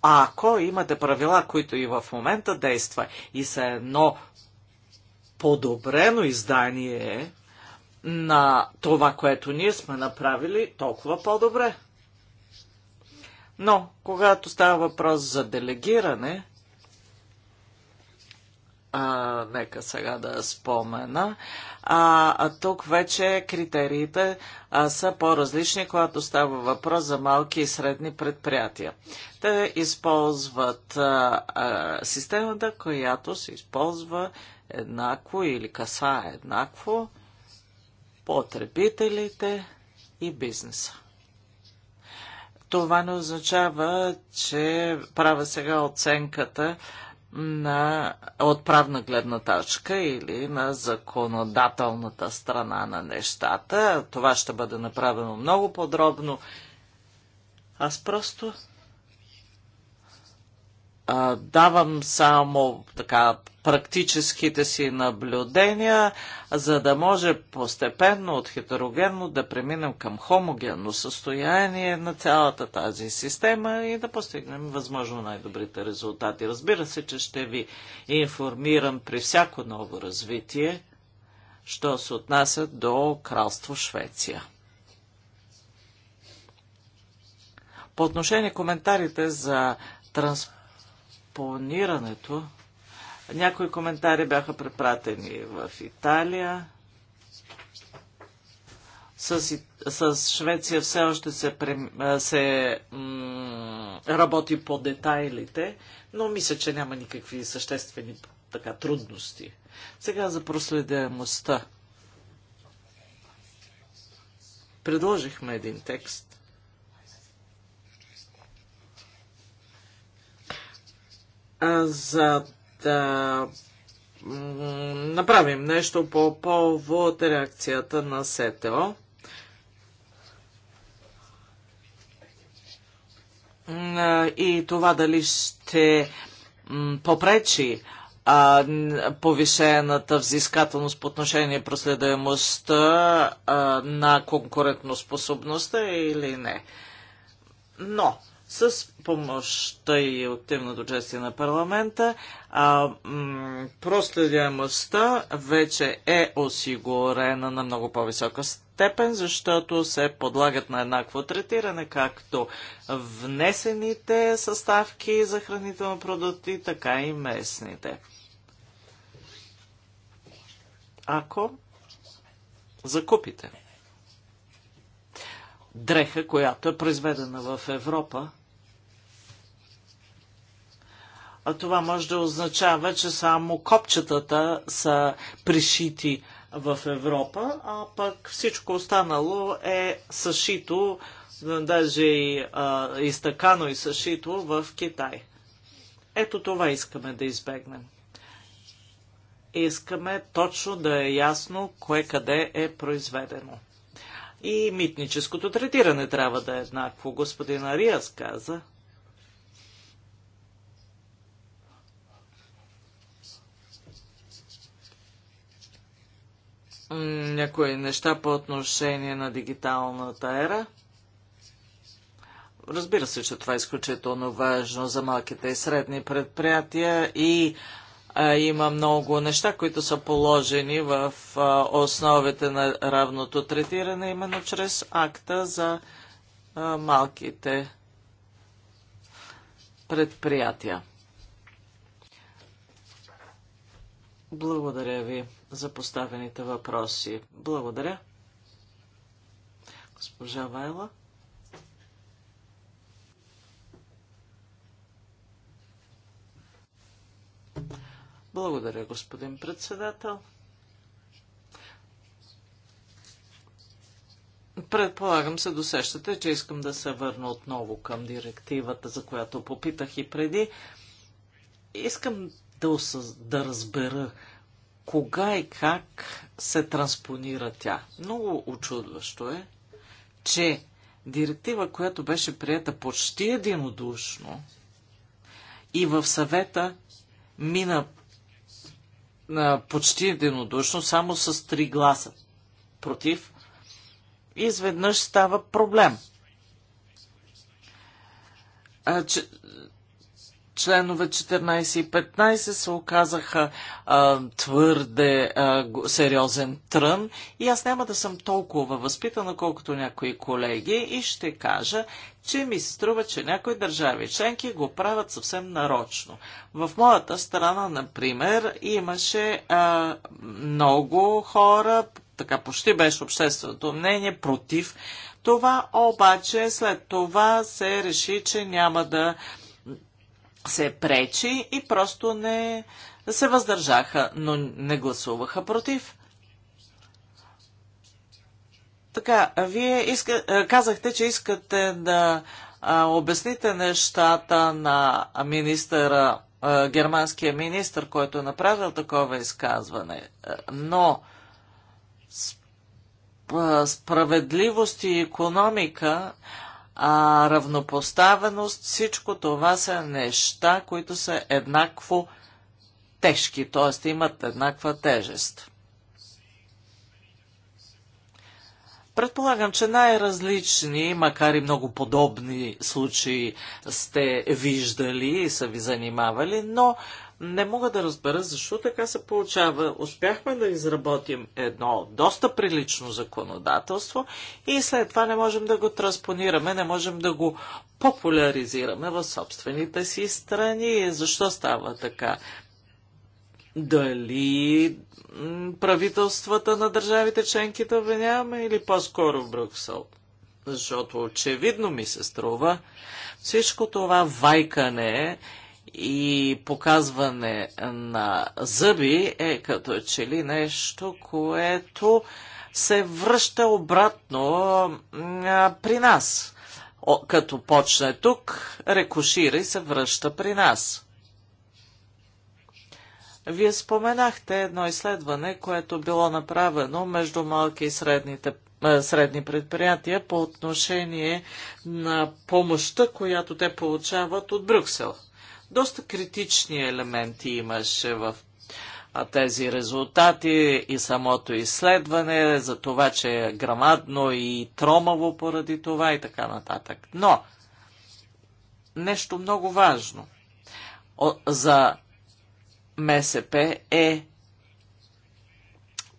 А ако имате правила, които и в момента действа и са едно подобрено издание на това, което ние сме направили, толкова по-добре. Но, когато става въпрос за делегиране, а, нека сега да спомена. А, а тук вече критериите а, са по-различни, когато става въпрос за малки и средни предприятия. Те използват а, а, системата, която се използва еднакво или каса еднакво потребителите и бизнеса. Това не означава, че правя сега оценката на, отправна гледна точка или на законодателната страна на нещата. Това ще бъде направено много подробно. Аз просто а, давам само така практическите си наблюдения, за да може постепенно от хетерогенно да преминем към хомогенно състояние на цялата тази система и да постигнем възможно най-добрите резултати. Разбира се, че ще ви информирам при всяко ново развитие, що се отнася до Кралство Швеция. По отношение коментарите за транспонирането, някои коментари бяха препратени в Италия. С, с Швеция все още се, се работи по детайлите, но мисля, че няма никакви съществени така, трудности. Сега за проследяемостта. Предложихме един текст. за да направим нещо по повод реакцията на СТО. И това дали ще попречи повишената взискателност по отношение проследуемостта на конкурентоспособността или не. Но с помощта и активното участие на парламента. А, проследяемостта вече е осигурена на много по-висока степен, защото се подлагат на еднакво третиране, както внесените съставки за хранителни продукти, така и местните. Ако закупите дреха, която е произведена в Европа, а това може да означава, че само копчетата са пришити в Европа, а пък всичко останало е съшито, даже и, а, изтъкано и съшито в Китай. Ето това искаме да избегнем. Искаме точно да е ясно кое къде е произведено. И митническото третиране трябва да е еднакво. Господин Ариас каза – някои неща по отношение на дигиталната ера. Разбира се, че това е изключително важно за малките и средни предприятия и а, има много неща, които са положени в а, основите на равното третиране, именно чрез акта за а, малките предприятия. Благодаря ви за поставените въпроси. Благодаря. Госпожа Вайла. Благодаря, господин председател. Предполагам се досещате, че искам да се върна отново към директивата, за която попитах и преди. Искам да, осъз... да разбера кога и как се транспонира тя. Много очудващо е, че директива, която беше прията почти единодушно и в съвета мина а, почти единодушно, само с три гласа против, изведнъж става проблем. А, че, членове 14 и 15 се оказаха а, твърде а, сериозен трън и аз няма да съм толкова възпитана, колкото някои колеги и ще кажа, че ми се струва, че някои държави членки го правят съвсем нарочно. В моята страна, например, имаше а, много хора, така почти беше общественото мнение, против това, обаче след това се реши, че няма да се пречи и просто не се въздържаха, но не гласуваха против. Така, вие иска, е, казахте, че искате да а, обясните нещата на министъра, а, е, германския министър, който е направил такова изказване. Е, но справедливост и економика а, равнопоставеност, всичко това са неща, които са еднакво тежки, т.е. имат еднаква тежест. Предполагам, че най-различни, макар и много подобни случаи сте виждали и са ви занимавали, но не мога да разбера защо така се получава. Успяхме да изработим едно доста прилично законодателство и след това не можем да го транспонираме, не можем да го популяризираме в собствените си страни. Защо става така? Дали правителствата на държавите членки да обвиняваме или по-скоро в Брюксел? Защото очевидно ми се струва, всичко това вайкане е и показване на зъби е като че ли нещо, което се връща обратно а, при нас. О, като почне тук, рекошира и се връща при нас. Вие споменахте едно изследване, което било направено между малки и средните, средни предприятия по отношение на помощта, която те получават от Брюксел. Доста критични елементи имаше в тези резултати и самото изследване за това, че е грамадно и тромаво поради това и така нататък. Но, нещо много важно за МСП е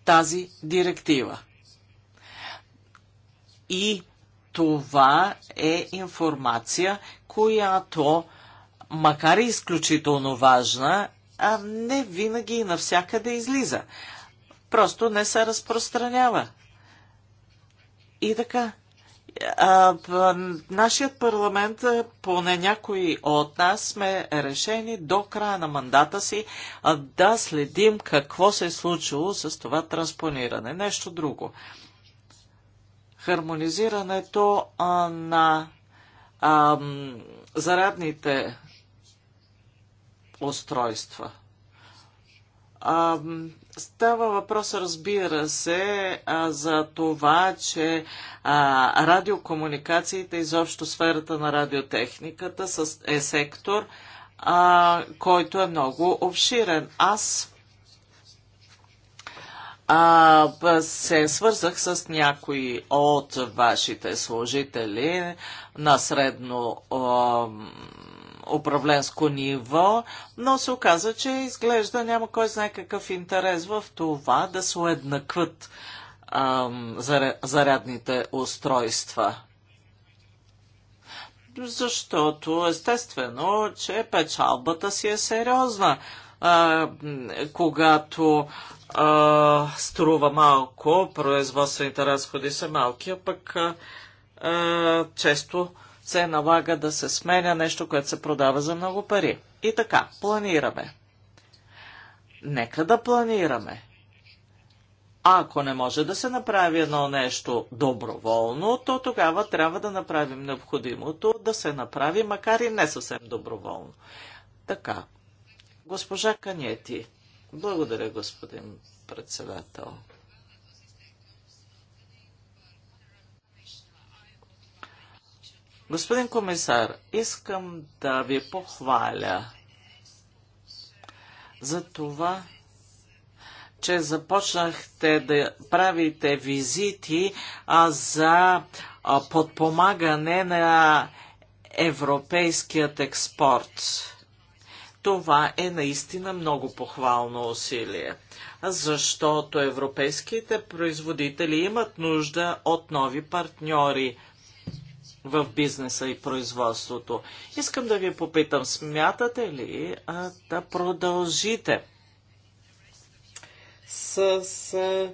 тази директива. И това е информация, която макар и изключително важна, а не винаги и навсякъде излиза. Просто не се разпространява. И така. А, нашият парламент, поне някои от нас, сме решени до края на мандата си а, да следим какво се е случило с това транспониране. Нещо друго. Хармонизирането а, на а, зарядните устройства. А, става въпрос, разбира се, а, за това, че а, радиокомуникациите, изобщо сферата на радиотехниката с, е сектор, а, който е много обширен. Аз а, се свързах с някои от вашите служители на средно а, управленско ниво, но се оказа, че изглежда няма кой знае какъв интерес в това да се уеднакват зарядните устройства. Защото естествено, че печалбата си е сериозна, а, когато а, струва малко, производствените разходи са малки, а пък а, често се налага да се сменя нещо, което се продава за много пари. И така, планираме. Нека да планираме. А ако не може да се направи едно нещо доброволно, то тогава трябва да направим необходимото да се направи, макар и не съвсем доброволно. Така. Госпожа Канети. Благодаря, господин председател. Господин комисар, искам да ви похваля за това, че започнахте да правите визити а, за а, подпомагане на европейският експорт. Това е наистина много похвално усилие, защото европейските производители имат нужда от нови партньори – в бизнеса и производството. Искам да ви попитам, смятате ли а, да продължите с а,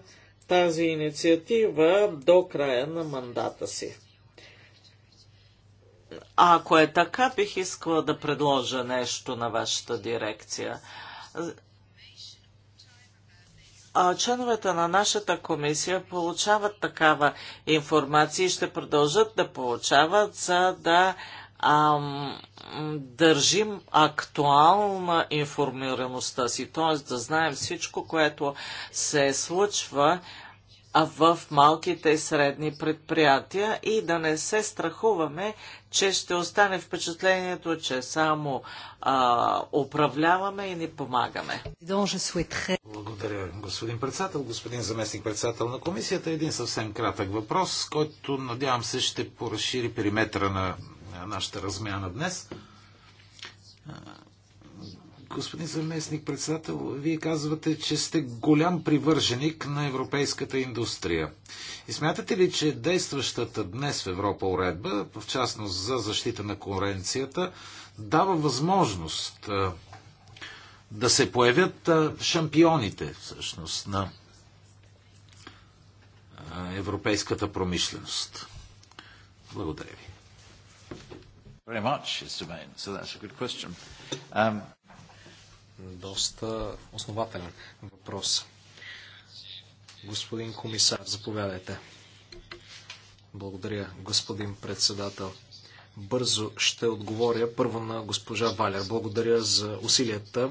тази инициатива до края на мандата си? Ако е така, бих искала да предложа нещо на вашата дирекция членовете на нашата комисия получават такава информация и ще продължат да получават, за да ам, държим актуална информираността си, т.е. да знаем всичко, което се случва в малките и средни предприятия и да не се страхуваме, че ще остане впечатлението, че само а, управляваме и ни помагаме. Благодаря, господин председател, господин заместник председател на комисията. Един съвсем кратък въпрос, който надявам се ще поразшири периметра на нашата размяна днес. Господин заместник председател, вие казвате, че сте голям привърженик на европейската индустрия. И смятате ли, че действащата днес в Европа уредба, в частност за защита на конкуренцията, дава възможност да се появят шампионите всъщност на европейската промишленост? Благодаря ви. Very much, Mr. Main. So that's a good question. Um доста основателен въпрос. Господин комисар, заповядайте. Благодаря, господин председател. Бързо ще отговоря първо на госпожа Валя. Благодаря за усилията,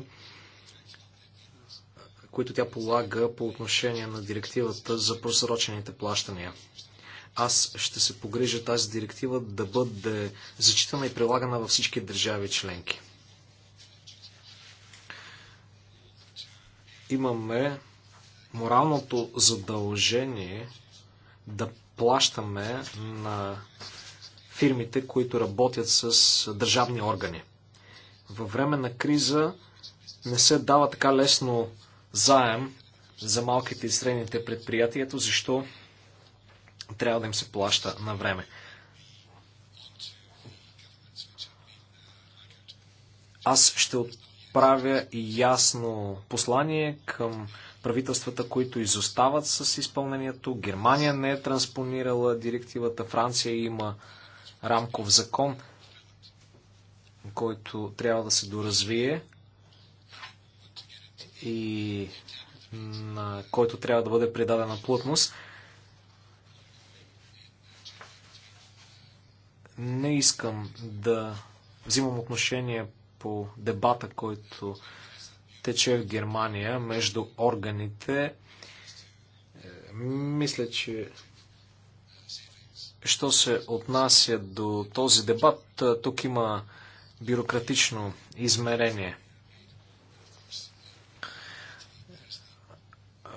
които тя полага по отношение на директивата за просрочените плащания. Аз ще се погрижа тази директива да бъде зачитана и прилагана във всички държави членки. имаме моралното задължение да плащаме на фирмите, които работят с държавни органи. Във време на криза не се дава така лесно заем за малките и средните предприятието, защо трябва да им се плаща на време. Аз ще отправя ясно послание към правителствата, които изостават с изпълнението. Германия не е транспонирала директивата, Франция има рамков закон, който трябва да се доразвие и на който трябва да бъде предадена плътност. Не искам да взимам отношение по дебата, който тече в Германия между органите. Е, мисля, че що се отнася до този дебат, е, тук има бюрократично измерение.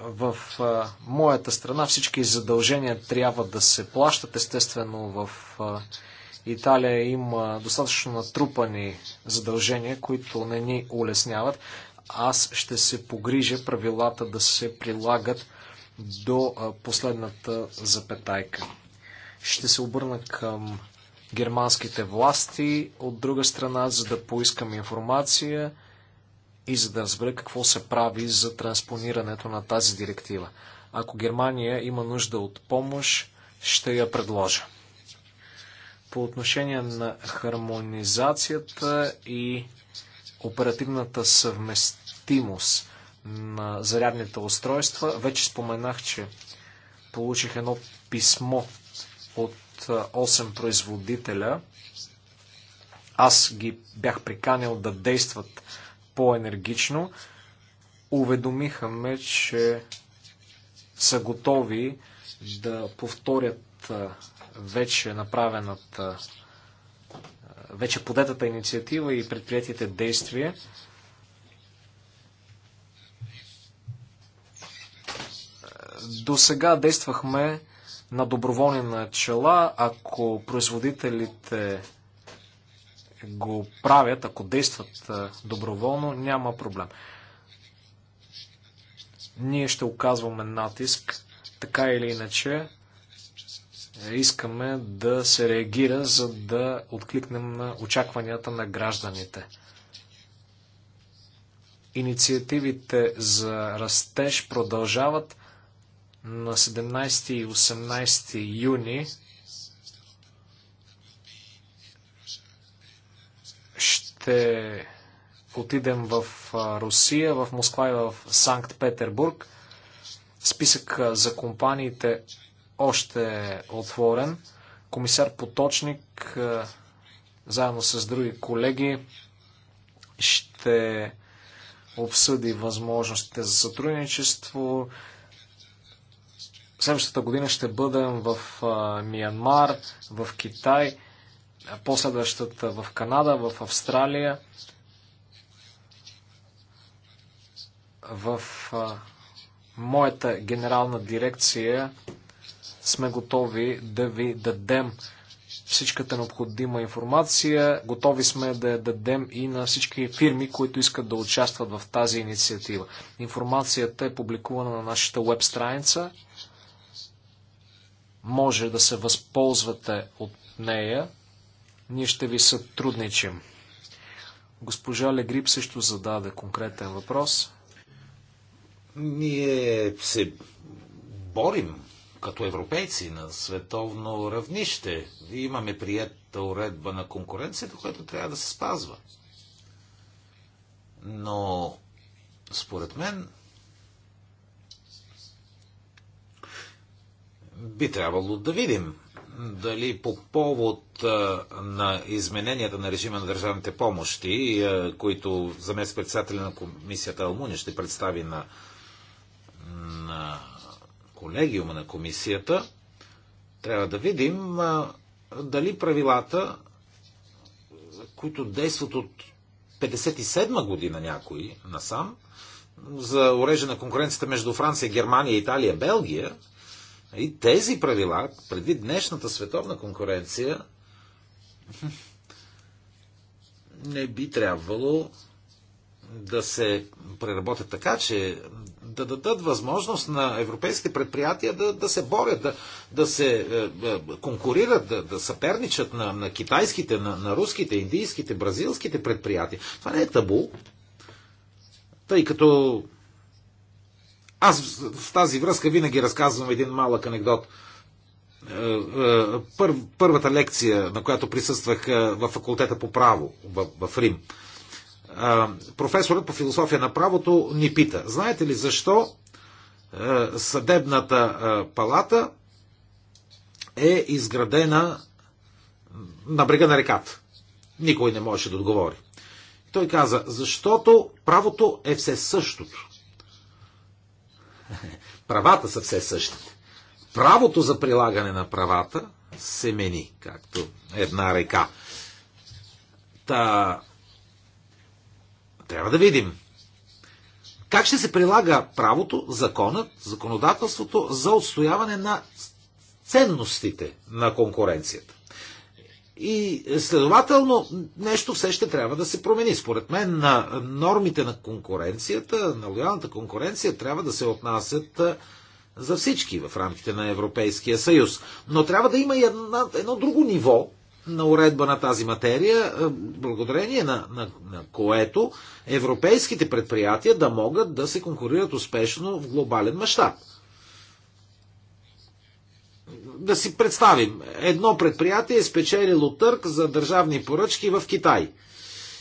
В а, е, моята страна всички задължения трябва да се плащат. Естествено, в а, Италия има достатъчно натрупани задължения, които не ни улесняват. Аз ще се погрижа правилата да се прилагат до последната запетайка. Ще се обърна към германските власти, от друга страна, за да поискам информация и за да разбера какво се прави за транспонирането на тази директива. Ако Германия има нужда от помощ, ще я предложа по отношение на хармонизацията и оперативната съвместимост на зарядните устройства. Вече споменах, че получих едно писмо от 8 производителя. Аз ги бях приканил да действат по-енергично. Уведомиха ме, че са готови да повторят вече направената, вече подетата инициатива и предприятите действия. До сега действахме на доброволни начала, ако производителите го правят, ако действат доброволно, няма проблем. Ние ще оказваме натиск, така или иначе, е, искаме да се реагира, за да откликнем на очакванията на гражданите. Инициативите за растеж продължават на 17 и 18 юни. Ще отидем в Русия, в Москва и в Санкт-Петербург. Списък за компаниите още е отворен. Комисар Поточник, е, заедно с други колеги, ще обсъди възможностите за сътрудничество. Следващата година ще бъдем в е, Миянмар, в Китай, последващата в Канада, в Австралия, в е, моята генерална дирекция сме готови да ви дадем всичката необходима информация. Готови сме да я дадем и на всички фирми, които искат да участват в тази инициатива. Информацията е публикувана на нашата веб страница. Може да се възползвате от нея. Ние ще ви сътрудничим. Госпожа Легрип също зададе конкретен въпрос. Ние се борим като европейци на световно равнище. Имаме приятта уредба на конкуренцията, която трябва да се спазва. Но, според мен, би трябвало да видим дали по повод на измененията на режима на държавните помощи, които заместник председателя на комисията Алмуни ще представи на, на колегиума на комисията, трябва да видим дали правилата, които действат от 57 година някои насам, за уреже на конкуренцията между Франция, Германия, Италия, Белгия, и тези правила, преди днешната световна конкуренция, не би трябвало да се преработят така, че да дадат възможност на европейските предприятия да, да се борят, да, да се е, е, конкурират, да, да съперничат на, на китайските, на, на руските, индийските, бразилските предприятия. Това не е табу, тъй като аз в тази връзка винаги разказвам един малък анекдот е, е, първата лекция, на която присъствах във факултета по право в Рим професорът по философия на правото ни пита, знаете ли защо е, съдебната е, палата е изградена на брега на реката? Никой не можеше да отговори. Той каза, защото правото е все същото. Правата са все същите. Правото за прилагане на правата се мени, както една река. Та, трябва да видим. Как ще се прилага правото, законът, законодателството за отстояване на ценностите на конкуренцията? И следователно нещо все ще трябва да се промени. Според мен на нормите на конкуренцията, на лоялната конкуренция трябва да се отнасят за всички в рамките на Европейския съюз. Но трябва да има и едно, едно друго ниво на уредба на тази материя, е, благодарение на, на, на което европейските предприятия да могат да се конкурират успешно в глобален мащаб. Да си представим, едно предприятие е спечелило търг за държавни поръчки в Китай.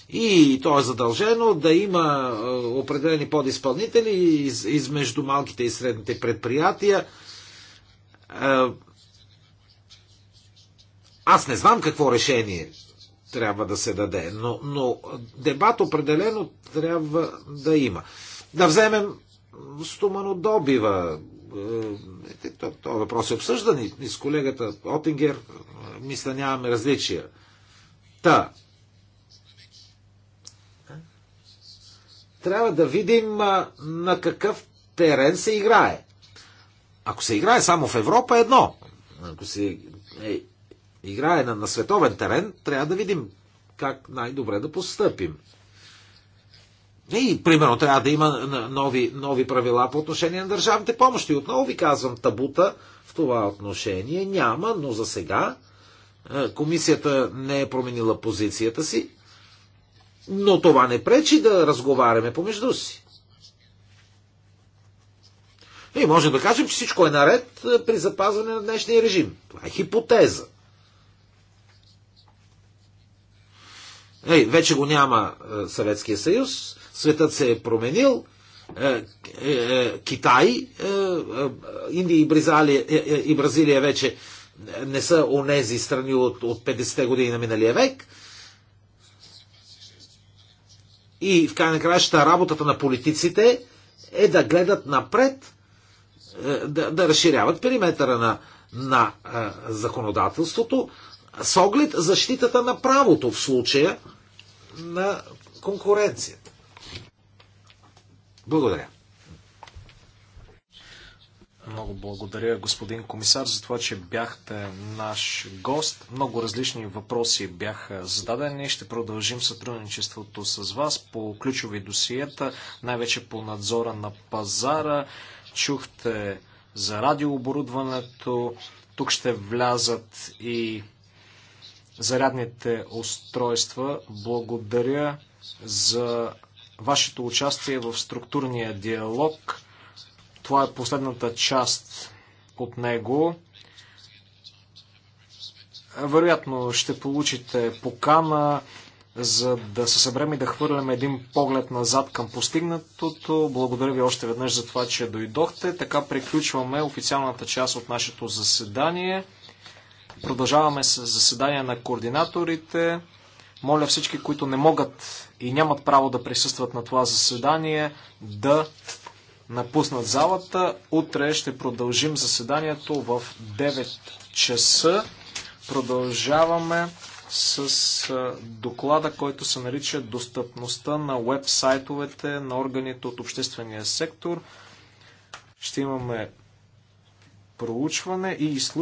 И то е задължено да има е, определени подизпълнители измежду малките и средните предприятия е, аз не знам какво решение трябва да се даде, но, но дебат определено трябва да има. Да вземем стоманодобива. Е, Това въпрос е обсъждан и с колегата Отингер е, мисля нямаме различия. Та. Трябва да видим е, на какъв терен се играе. Ако се играе само в Европа, едно. Ако се играе на, на световен терен, трябва да видим как най-добре да постъпим. И, примерно, трябва да има нови, нови правила по отношение на държавните помощи. Отново ви казвам, табута в това отношение няма, но за сега е, комисията не е променила позицията си, но това не пречи да разговаряме помежду си. И можем да кажем, че всичко е наред е, при запазване на днешния режим. Това е хипотеза. Ей, вече го няма е, Съветския съюз, светът се е променил, е, е, Китай, Индия и Бразилия, и Бразилия вече не са онези страни от, от 50-те години на миналия век. И в край на работата на политиците е да гледат напред, да, да разширяват периметъра на, на законодателството, с оглед защитата на правото в случая на конкуренцията. Благодаря. Много благодаря, господин комисар, за това, че бяхте наш гост. Много различни въпроси бяха зададени. Ще продължим сътрудничеството с вас по ключови досиета, най-вече по надзора на пазара. Чухте за радиооборудването. Тук ще влязат и зарядните устройства. Благодаря за вашето участие в структурния диалог. Това е последната част от него. Вероятно ще получите покана, за да се съберем и да хвърлям един поглед назад към постигнатото. Благодаря ви още веднъж за това, че дойдохте. Така приключваме официалната част от нашето заседание. Продължаваме с заседание на координаторите. Моля всички, които не могат и нямат право да присъстват на това заседание, да напуснат залата. Утре ще продължим заседанието в 9 часа. Продължаваме с доклада, който се нарича Достъпността на веб-сайтовете на органите от обществения сектор. Ще имаме проучване и изслушване.